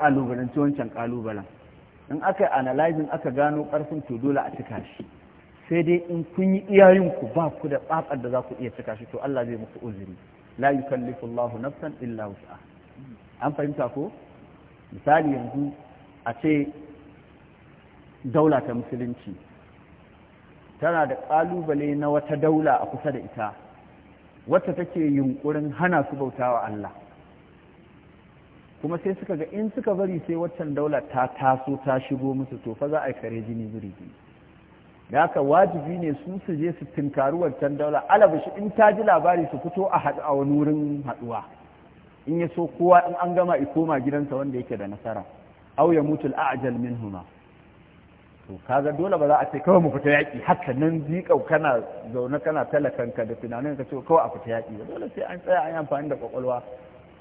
kalubalanci wancan kalubalen in aka yi analyzing aka gano ƙarfin to dole a cika shi sai dai in kun yi iyayenku ba ku da tsakar da za ku iya cika shi to Allah zai muku uzuri la yukallifu Allahu nafsan illa wus'aha an fahimta ko misali yanzu a ce daula ta musulunci tana da ƙalubale na wata daula a kusa da ita wacce take yunkurin hana su bautawa Allah kuma sai suka ga in suka bari sai waccan daula ta taso ta shigo musu to fa za a kare jini zuri da haka wajibi ne su su je su tinkaru waccan daula shi in ta ji labari su fito a haɗu a wani wurin haɗuwa in ya so kowa in an gama i koma gidansa wanda yake da nasara au ya mutu al'ajal min huma to kaga dole ba za a ce kawai mu fita yaƙi haka nan jiƙau kana zaune kana talakanka da tunanin ka ce kawai a fita yaƙi dole sai an tsaya an yi amfani da ƙwaƙwalwa.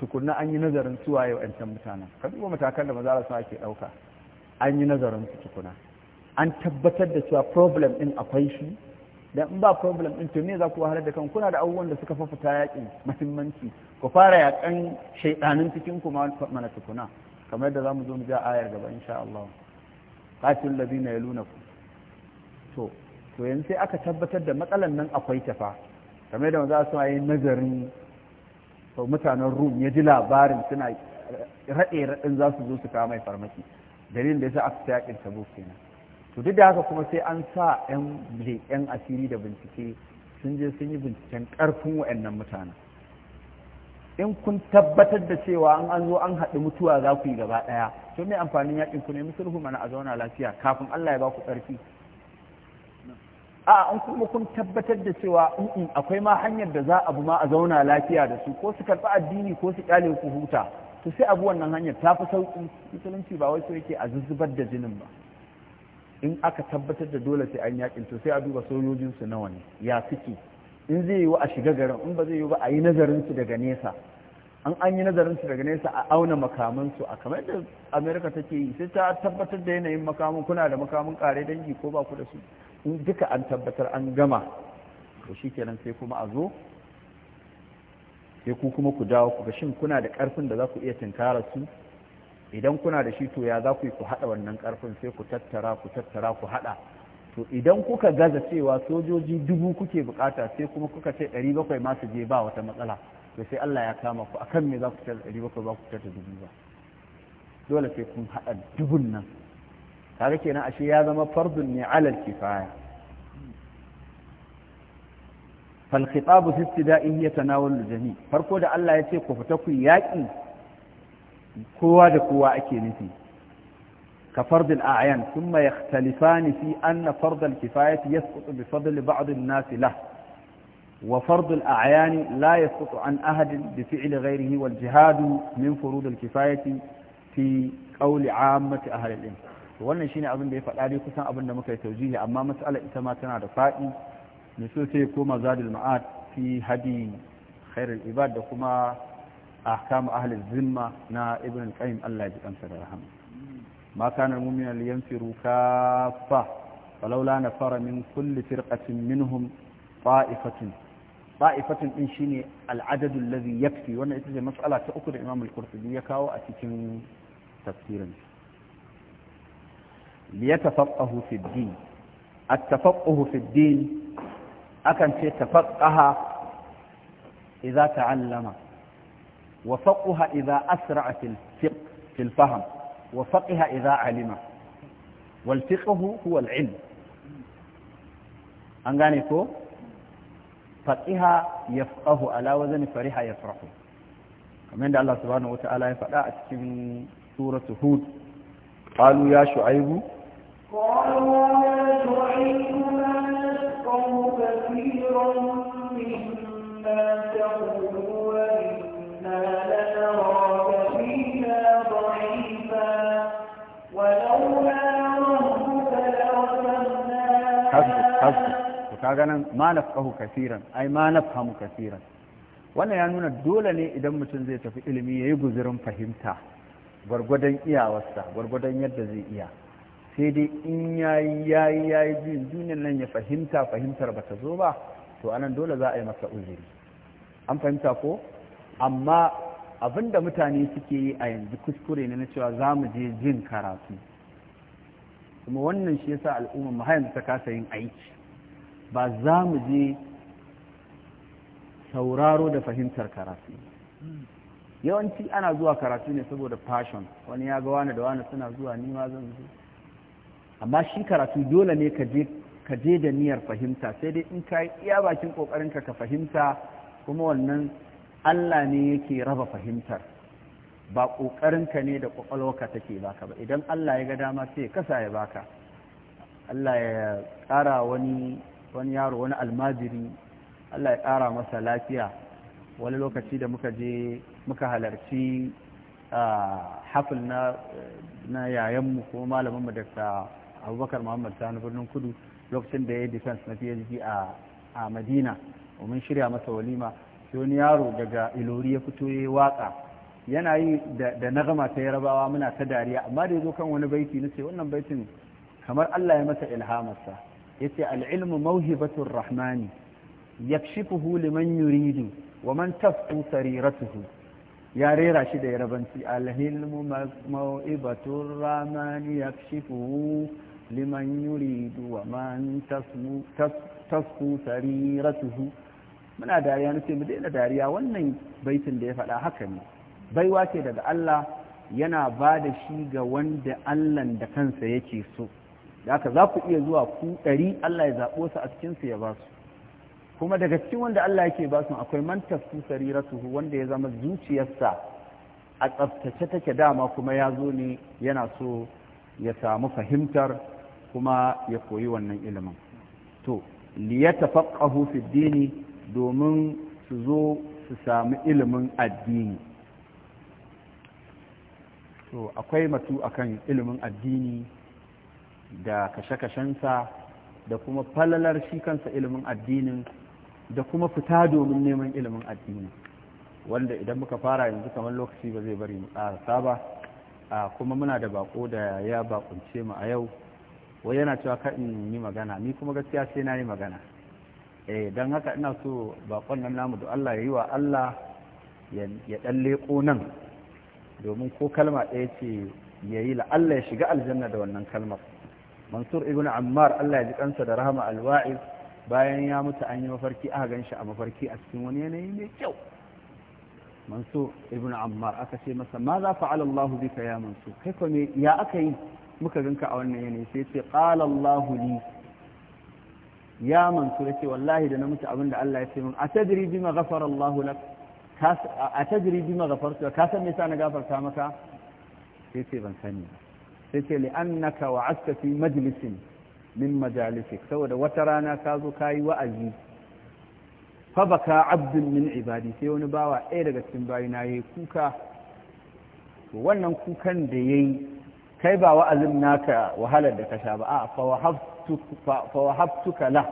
tukunna an yi nazarin su waye wa'ancan mutanen ka duba matakan da mazara sa ake ɗauka an yi nazarin su tukuna an tabbatar da cewa problem ɗin akwai shi dan in ba problem ɗin to me za ku wahalar da kan kuna da abubuwan da suka fafata yaƙin muhimmanci ku fara yaƙan shaidanin cikin kuma mana tukuna kamar yadda za mu zo mu ja ayar gaba insha Allah qatil ladina yalunakum to to yanzu sai aka tabbatar da matsalan nan akwai tafa fa kamar yadda mazara su yi nazarin sau mutanen rum ya ji labarin suna eh, raɗe raɗin za su zo su kama mai farmaki dalilin da ya sa aka ta yaƙin tabo kenan to duk da haka kuma sai an sa yan leƙen asiri da bincike sun je sun yi binciken ƙarfin wa'annan mutanen in kun tabbatar da cewa an an zo an haɗu mutuwa za ku yi gaba ɗaya to me amfanin yaƙin ku ne musulhu mana a zauna lafiya kafin Allah ya ba ku ƙarfi a an kuma kun tabbatar da cewa in akwai ma hanyar da za a bu ma a zauna lafiya da su ko su karɓi addini ko su ƙyale ku huta to sai abu wannan hanyar ta fi sauƙi musulunci ba wai yake a zuzzubar da jinin ba in aka tabbatar da dole sai an yaƙin to sai a duba sojojinsu nawa ne ya suke in zai yiwu a shiga garin in ba zai yiwu ba a yi nazarinsu daga nesa an an yi nazarinsu daga nesa a auna makamansu a kamar da america take yi sai ta tabbatar da yanayin makamun kuna da makamun kare dangi ko ba ku da su in duka an tabbatar an gama to shi kenan sai kuma a zo sai ku kuma ku dawo ku ga shin kuna da ƙarfin da za ku iya tunkara su idan kuna da shi to ya za ku yi ku haɗa wannan ƙarfin sai ku tattara ku tattara ku haɗa to idan kuka gaza cewa sojoji dubu kuke bukata sai kuma kuka ce ɗari bakwai masu je ba wata matsala to sai Allah ya kama ku akan me za ku ce ɗari bakwai ba ku ta dubu ba dole sai kun haɗa dubun nan kaga kenan ashe ya zama fardun ne alal kifaya fal khitabu fi istida'i yatanawalu jami farko da Allah ya ce ku fita ku yaki kowa da kowa ake nufi ka fardul a'yan thumma yakhtalifani fi anna fardul kifayati yasqutu bi fadli ba'd an-nas lah wa fardul a'yan la yasqutu an ahad bi fi'li ghayrihi wal jihad min furud al-kifayati fi qawli 'ammati ahli al-ilm to wannan shine abin da ya faɗa dai kusan abin da muka yi taujihi amma mas'alar ita ma tana da fa'i ne so sai koma zadul ma'ad fi hadi khairul ibad da kuma ahkam ahli zimma na ibn al-qayyim Allah ya kansa da rahama ma kana mu'mina liyanfiru kaffa falawla nafara min kulli firqatin minhum fa'ifatin fa'ifatin din shine al-adad alladhi yakfi wannan ita ce mas'ala ta uku da Imam al-Qurtubi ya kawo a cikin tafsirinsa ليتفقهوا في الدين التفقه في الدين أكن في تفقه إذا تعلم وفقه إذا أسرع في الفقه في الفهم وفقه إذا علم والفقه هو العلم أنغانيكو فقه يفقه على وزن فرح يفرح كما عند الله سبحانه وتعالى يفقه أتكلم سورة هود قالوا يا شعيب قالوا ما دعيتنا نفقه كثيرا مما تقولون ma nafqahu kaseeran ai wannan ya nuna dole ne idan mutum zai tafi ilimi ya yi guzurin fahimta gwargwadon iyawarsa gwargwadon yadda zai iya sai dai in ya ya yi yi ya yi jin duniyar nan ya fahimta fahimtar ba ta zo ba to anan dole za a yi masa uzuri an fahimta ko amma abinda mutane suke yi a yanzu kuskure ne na cewa za mu je jin karatu kuma wannan shi yasa al'umma mu hayan ta kasa yin aiki ba za mu je sauraro da fahimtar karatu yawanci ana zuwa karatu ne saboda fashion wani ya ga wani da wani suna zuwa ni ma zan zo amma shi karatu dole ne ka je da niyyar fahimta sai dai in ka yi iya bakin ƙoƙarinka ka ka fahimta kuma wannan Allah ne yake raba fahimtar ba ƙoƙarinka ne da ƙwaƙwalwarka take baka ba idan Allah ya ga dama sai kasa ya baka Allah ya ƙara wani wani yaro wani almajiri Allah ya kara masa lafiya wani lokaci da muka je muka halarci ah, hafin na yayanmu ko malaminmu da abubakar muhammad sani birnin kudu lokacin da ya yi defense na phd a madina mun shirya masa walima sai wani yaro daga ilori ya fito ya yi waka yana yi da na gama ta yarabawa muna ta dariya amma da ya zo kan wani baiti na ce wannan baitin kamar allah ya masa ilhamarsa ya ce al'ilmu mauhibatun rahmani yakshifuhu liman yuridu wa man tasqu sariratuhu ya rera shi da yarabanci alhilmu mau'ibatun rahmani yakshifuhu لمن wa ومن تسكو سريرته muna dariya na ce mu daina dariya wannan baitin da ya faɗa haka ne baiwa ce daga Allah yana ba da shi ga wanda Allah da kansa yake so da haka za ku iya zuwa ku ɗari Allah ya zaɓo su a cikinsu ya ba su kuma daga cikin wanda Allah yake ba su akwai man tafsu sariratuhu wanda ya zama zuciyarsa a tsaftace take dama kuma ya zo ne yana so ya samu fahimtar kuma ya koyi wannan ilimin to liyatafaqahu fi dini domin su zo su sami ilimin addini to akwai matu akan ilimin addini da kashe-kashensa da kuma falalar shi kansa ilimin addinin da kuma fita domin neman ilimin addini wanda idan muka fara yanzu kamar lokaci ba zai bari mu tsara ba kuma muna da bako da ya bakunce mu a yau wai yana cewa ka in yi magana ni kuma gaskiya sai na yi magana eh dan haka ina so bakon nan namu da Allah ya yi wa Allah ya dan leƙo nan domin ko kalma ɗaya ce ya yi la'alla ya shiga aljanna da wannan kalmar mansur ibn ammar Allah ya ji kansa da rahama alwa'iz bayan ya mutu an yi mafarki aka gan shi a mafarki a cikin wani yanayi mai kyau mansur ibn ammar aka ce masa ma za fa'ala Allah bika ya mansur kai kuma ya aka yi muka ganka a wannan yanayi sai ce qala Allahu li ya mansur ce wallahi da na mutu abinda Allah ya ce min atadri bima ghafara Allahu lak atadri bima ghafartu ka san me yasa na gafarta maka sai ce ban sani sai ce li'annaka wa'asta fi majlisin min majalisik saboda wata rana ka zo kayi wa'azi fa baka abdun min ibadi sai wani bawa ɗaya daga cikin bayi yayi kuka to wannan kukan da yayi kai ba wa'azin naka wahalar da ka sha ba a fa wahabtuka la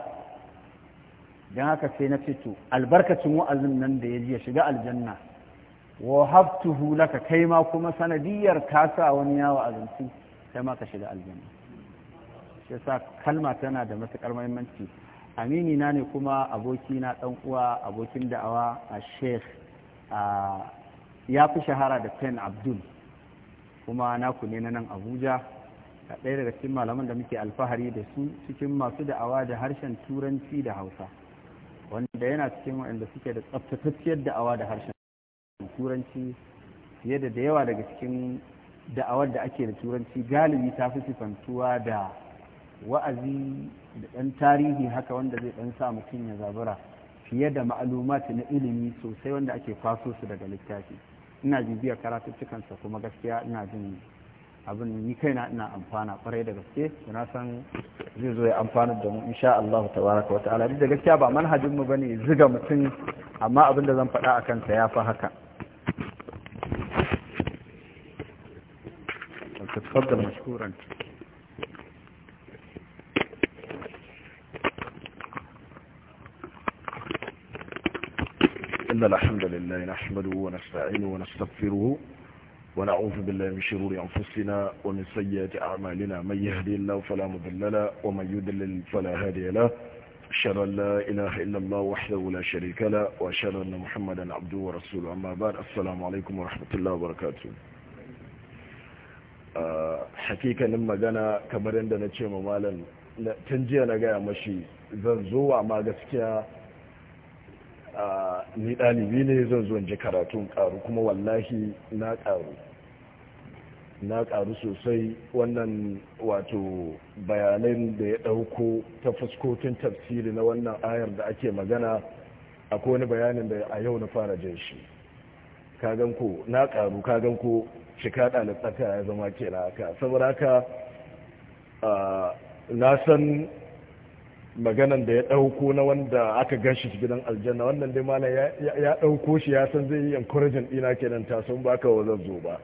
don haka sai na fito albarkacin wa'azin nan da ya ji ya shiga aljanna hula ka kai ma kuma sanadiyar kasa wani yawa su kai ma ka shiga aljanna shi sa kalma tana da matukar mahimmanci amini na ne kuma aboki na ɗan uwa abokin da'awa a sheikh ya fi shahara da pen abdul kuma naku ne na nan abuja a ɗaya daga cikin malaman da muke alfahari da su cikin masu da'awa da harshen turanci da hausa wanda yana cikin waɗanda suke da tsaftatacciyar da'awa da harshen turanci fiye da yawa daga cikin da'awar da ake da turanci galibi ta fi sifantuwa da wa'azi da ɗan tarihi haka wanda zai ɗan sa mutum ya zabura fiye da ma'alumati na ilimi sosai wanda ake kwaso su daga littafi ina bibiyar karatuttukansa kuma gaskiya ina jin abin ni kaina ina amfana kwarai da gaske na san zai zo ya amfana da mu insha Allah tabaraka wata'ala duk da gaskiya ba manhajin mu bane ziga mutum amma abin da zan faɗa a kansa ya fi haka تفضل مشكورا إن الحمد لله نحمده ونستعينه ونستغفره ونعوذ بالله من شرور أنفسنا ومن سيئات أعمالنا من يهدي الله فلا مضل ومن يدلل فلا هادي له أشهد أن لا إله إلا الله وحده لا شريك له وأشهد أن محمدا عبده ورسوله أما بعد السلام عليكم ورحمة الله وبركاته حقيقة لما جانا yadda na ce ma malam tun jiya na gaya mashi zan ni ɗalibi ne zan zo ji karatun ƙaru kuma wallahi na ƙaru na ƙaru sosai wannan wato bayanan da ya ɗauko ta fuskokin tafsiri na wannan ayar da ake magana akwai wani bayanin da a yau na fara jin shi gan ko na ƙaru gan ko shika ɗalibtaka ya zama ke na haka saboda haka na san maganan da ya ɗauko na wanda aka gan shi gidan aljanna wannan dai malam ya ɗauko shi ya san zai yi encouraging ɗina kenan ta sun baka wa zan zo ba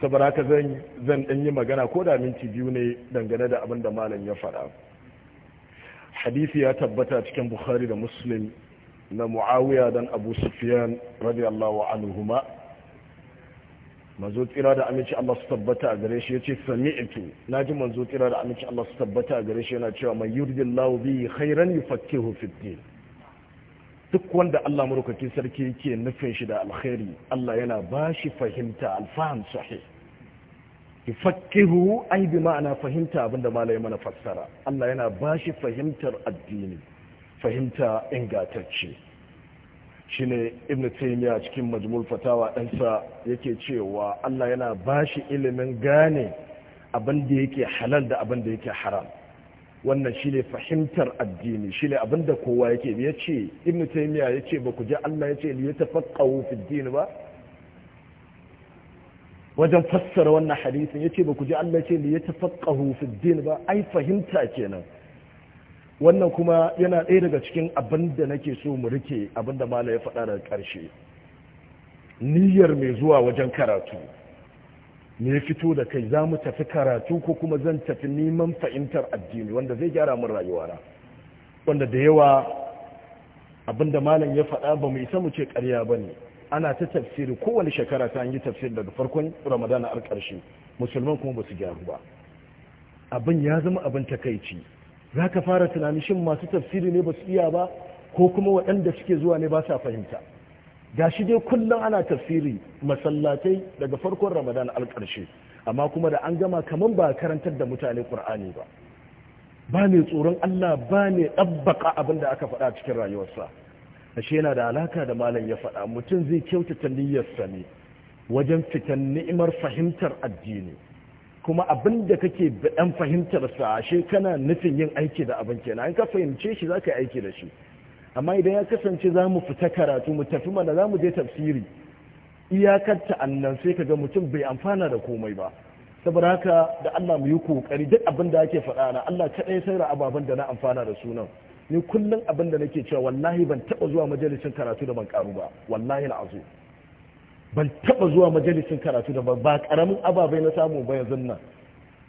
saboda haka zan zan ɗan yi magana ko da minti biyu ne dangane da abin da malam ya faɗa hadisi ya tabbata cikin bukhari da muslim na muawiya dan abu sufyan radiyallahu anhuma manzo tsira da aminci Allah su tabbata a gare shi yace sami'tu naji manzo tsira da aminci Allah su tabbata a gare shi yana cewa man yuridillahu bi khairan yufaqihu fid din duk wanda Allah marukakin sarki yake nufin shi da alkhairi Allah yana bashi fahimta alfaham sahih yufaqihu ai bi ma'ana fahimta abinda malai mana fassara Allah yana bashi fahimtar addini fahimta ingantacce ne ibn taimiyya cikin majmul fatawa ɗansa yake cewa Allah yana bashi ilimin gane abin da yake halal da abin da yake haram wannan shi ne fahimtar addini shi ne abin da kowa yake Ya ce ibn ya yace ba ku ji Allah ya ce ya tafa fi din ba wajen fassara wannan hadisin ce ba ku ji Allah ya ce ya tafa fi din ba ai fahimta kenan wannan kuma yana ɗaya daga cikin abin da nake so mu rike abin da mala ya faɗa daga ƙarshe niyyar mai zuwa wajen karatu me ya fito da kai za mu tafi karatu ko kuma zan tafi neman fahimtar addini wanda zai gyara min rayuwana wanda da yawa abin da malam ya faɗa ba mu isa mu ce ƙarya ba ne ana ta tafsiri kowane shekara ta yi tafsiri daga farkon ramadana har ƙarshe musulman kuma ba su gyaru ba abin ya zama abin takaici za ka fara tunani shin masu tafsiri ne ba su iya ba ko kuma waɗanda suke zuwa ne ba sa fahimta ga shi dai kullum ana tafsiri masallatai daga farkon ramadan alƙarshe amma kuma da an gama kamar ba karantar da mutane ƙur'ani ba ba ne tsoron allah ba ne ɗabbaƙa abin da aka faɗa cikin rayuwarsa ashe yana da alaka da malam ya faɗa mutum zai kyautata niyyarsa ne wajen fitan ni'imar fahimtar addini kuma abin da kake dan fahimtar sa shi kana nufin yin aiki da abin kenan an ka fahimce shi za ka yi aiki da shi amma idan ya kasance za mu fita karatu mu tafi mana za mu je tafsiri iyakar annan sai ka ga mutum bai amfana da komai ba saboda haka da Allah mu yi kokari duk abin da ake faɗa na Allah kaɗai sai da ababen da na amfana da sunan ni kullum abin da nake cewa wallahi ban taɓa zuwa majalisin karatu da ban karu ba wallahi al'azu ban taba zuwa majalisin karatu da ba karamin ababai na samu ba yanzu nan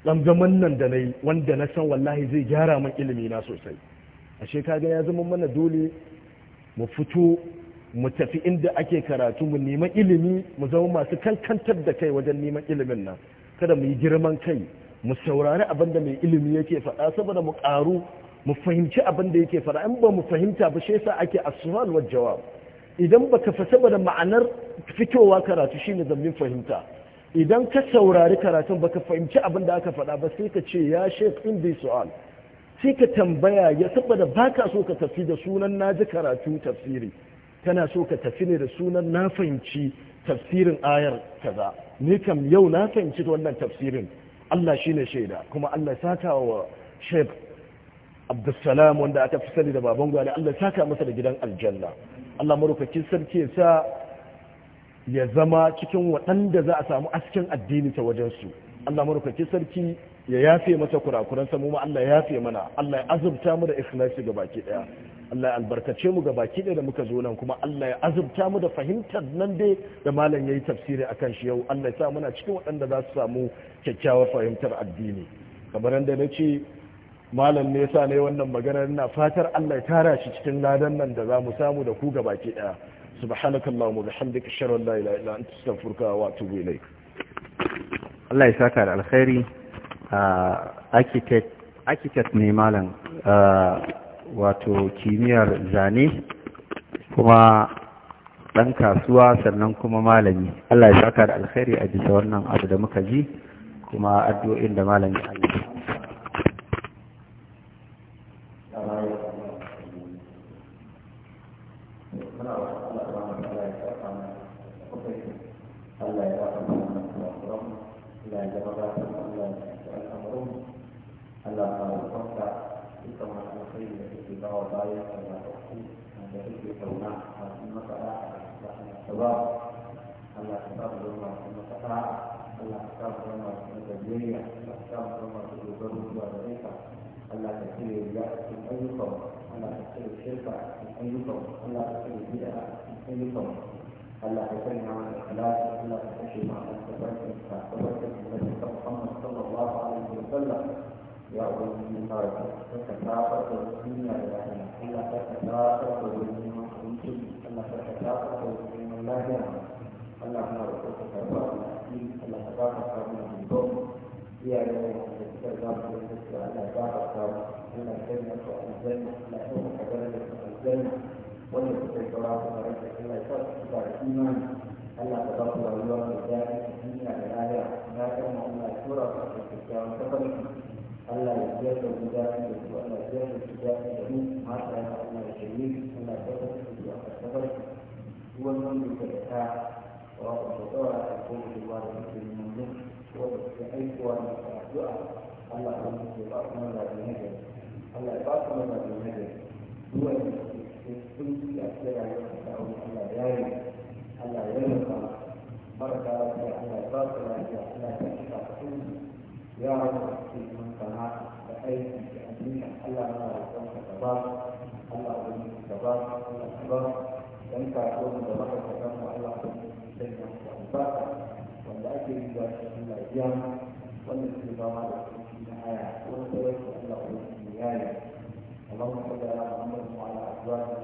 dan zaman nan da na yi wanda na san wallahi zai gyara min ilimi na sosai ashe kaga ya zama mana dole mu fito mu tafi inda ake karatu mu neman ilimi mu zama masu kankantar da kai wajen neman ilimin nan kada mu yi girman kai mu saurari abin da mai ilimi yake faɗa saboda mu ƙaru mu fahimci abin da yake faɗa in ba mu fahimta ba shi yasa ake asuwal wajen jawab idan baka fa saboda ma'anar fitowa karatu shine zambin fahimta idan ka saurari karatun baka fahimci abin da aka faɗa ba sai ka ce ya shek indi su'al sai ka tambaya ya saboda baka so ka tafi da sunan na ji karatu tafsiri tana so ka tafi ne da sunan na fahimci tafsirin ayar kaza ni kam yau na fahimci wannan tafsirin Allah shine shaida kuma Allah saka wa shek Abdulsalam wanda aka fi sani da baban gwale Allah saka masa da gidan aljanna Allah marufakin sarki ya sa ya zama cikin waɗanda za a samu askin addini ta wajensu Allah marufakin sarki ya yafe mata kurakuran samu ma Allah ya yafe mana Allah ya azurta mu da ikhlasi ga baki daya Allah ya albarkace mu ga baki daya da muka zo nan kuma Allah ya azurta mu da fahimtar nan dai da malam yayi tafsiri akan shi yau Allah ya sa muna cikin waɗanda za su samu kyakkyawar fahimtar addini kamar yadda na ce malam ne yasa ne wannan magana ina fatar Allah ya tara shi cikin ladan nan da zamu samu da ku ke daya subhanakallahumma bihamdika ashhadu an la ilaha illa anta astaghfiruka wa atubu ilaik Allah ya saka da alkhairi ah, architect architect ne malam ah, wato kimiyyar zane kuma dan kasuwa sannan kuma malami Allah ya saka da alkhairi a bisa wannan abu da muka ji kuma addu'o'in da malami Allah Allah ya zama ba Allah ya ci al'amuran Allah ya rukunta dukkan wani wa bayan ka ba da ku da kake kauna masu maka da'a da su ba Allah ya ba mu zama masu maka da'a Allah ya ba mu zama masu maka biyayya Allah ya ba mu zama masu dogaro ya cire ya cikin ayyukan Allah ya cire shirka cikin ayyukan Allah ya الله يكرمنا على الاخلاص الله يكرمنا على التبرك التبرك النبي محمد صلى الله عليه وسلم يا ولي طارق تتكاثر الدنيا يا الله تتكاثر الدنيا الله تتكاثر الدنيا لا يعلم الله نرجوك تبارك الدين الله تبارك من الدم يا رب تتكاثر الدنيا لا تتكاثر الجنة الجنة لا تتكاثر الجنة wanda suka yi saura su da Allah ya sa da Allah ta ba su mai daɗi a duniya da lahira na ɗan Allah ya tura su a kyakkyawan tafarki Allah ya biyar da mu daɗi da su Allah ya biyar da su daɗi da mu mata ya Allah ya shirye Allah ya tabbatar da su a tafarki duk wani da ta wa ku ta tsawara a ko da ruwa da mutum yanzu ko da suke aikowa da addu'a Allah ya ba su mana da ne Allah ya ba su mana da ne cikin kunci a cikin rayuwar ta aure Allah ya yi Allah ya yi ba marasa lafiya Allah ya ba su lafiya Allah ya ci ka kunci ya rabu cikin mun sana da aiki da amina Allah ya rabu ka da ba Allah ya yi ka ba Allah ya ba dan ka so mu da maka ka san Allah ya yi sai ka ba wanda ake yi da Allah ya wannan ke ba ma da kunci na aya wannan sai Allah ya yi اللهم صل على محمد وعلى ازواجه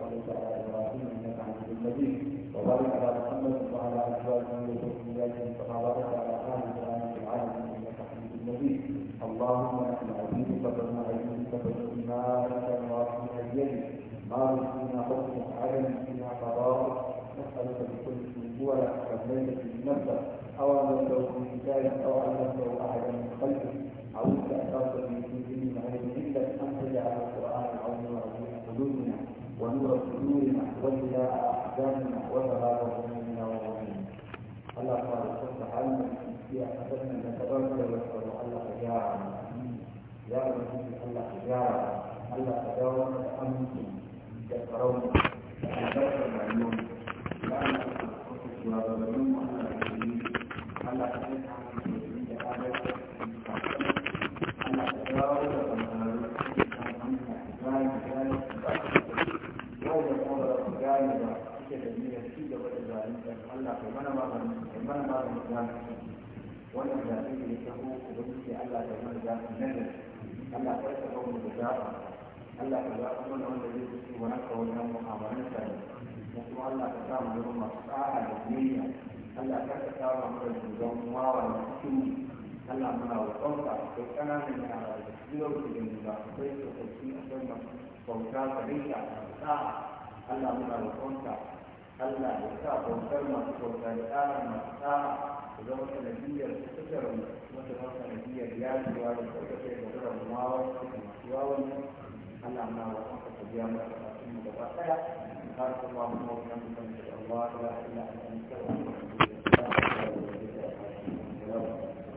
صليت على ابراهيم انك حميد وبارك على محمد وعلى ازواجه وذرياته كما باركت على ال ابراهيم في العالمين انك حميد مجيد اللهم نحن عبيدك بما عبيدك بإيمانك وعصمك بيدك ما حكمك عدل فينا قضاءك نسألك بكل اسم هو لك قبليك بنفسك أو أن لو بكتابك أو أن لو أحدا من خلقك إلا أحزاننا وتبارك منا ومنا اللهم ارزقنا حالنا في أحسن من تبارك وتعالى الله تجارنا يا رب الله تجارنا الله تجاوز أمنك تكرمنا تبارك معلوم لا نقصد الشهادة wannan wannan da ake yi ta kuma da suke Allah da wani da su nan Allah ya ka kawo mu da jafa Allah ka zaɓa mana wanda zai fi wani kawai nan muhammadin sa ne da kuma Allah ka samu wurin masu tsara da duniya Allah ka ka samu mana dubban wawa na cikin mu Allah muna wutan ka ko kananan da a rayuwa da zai ba su kai ka kwanci a kan masu bauta da rika a tsara Allah muna wutan ka Allah ya sa bautar masu bauta da tsara masu tsara da zama sanadiyar fitar wata zama sanadiyar yajewa da tsarkake da zura mawar da masu wawan Allah na wa kanka ta biya masa kasu mu gaba Har kuma mu mawuyan da Allah ya ila a cikin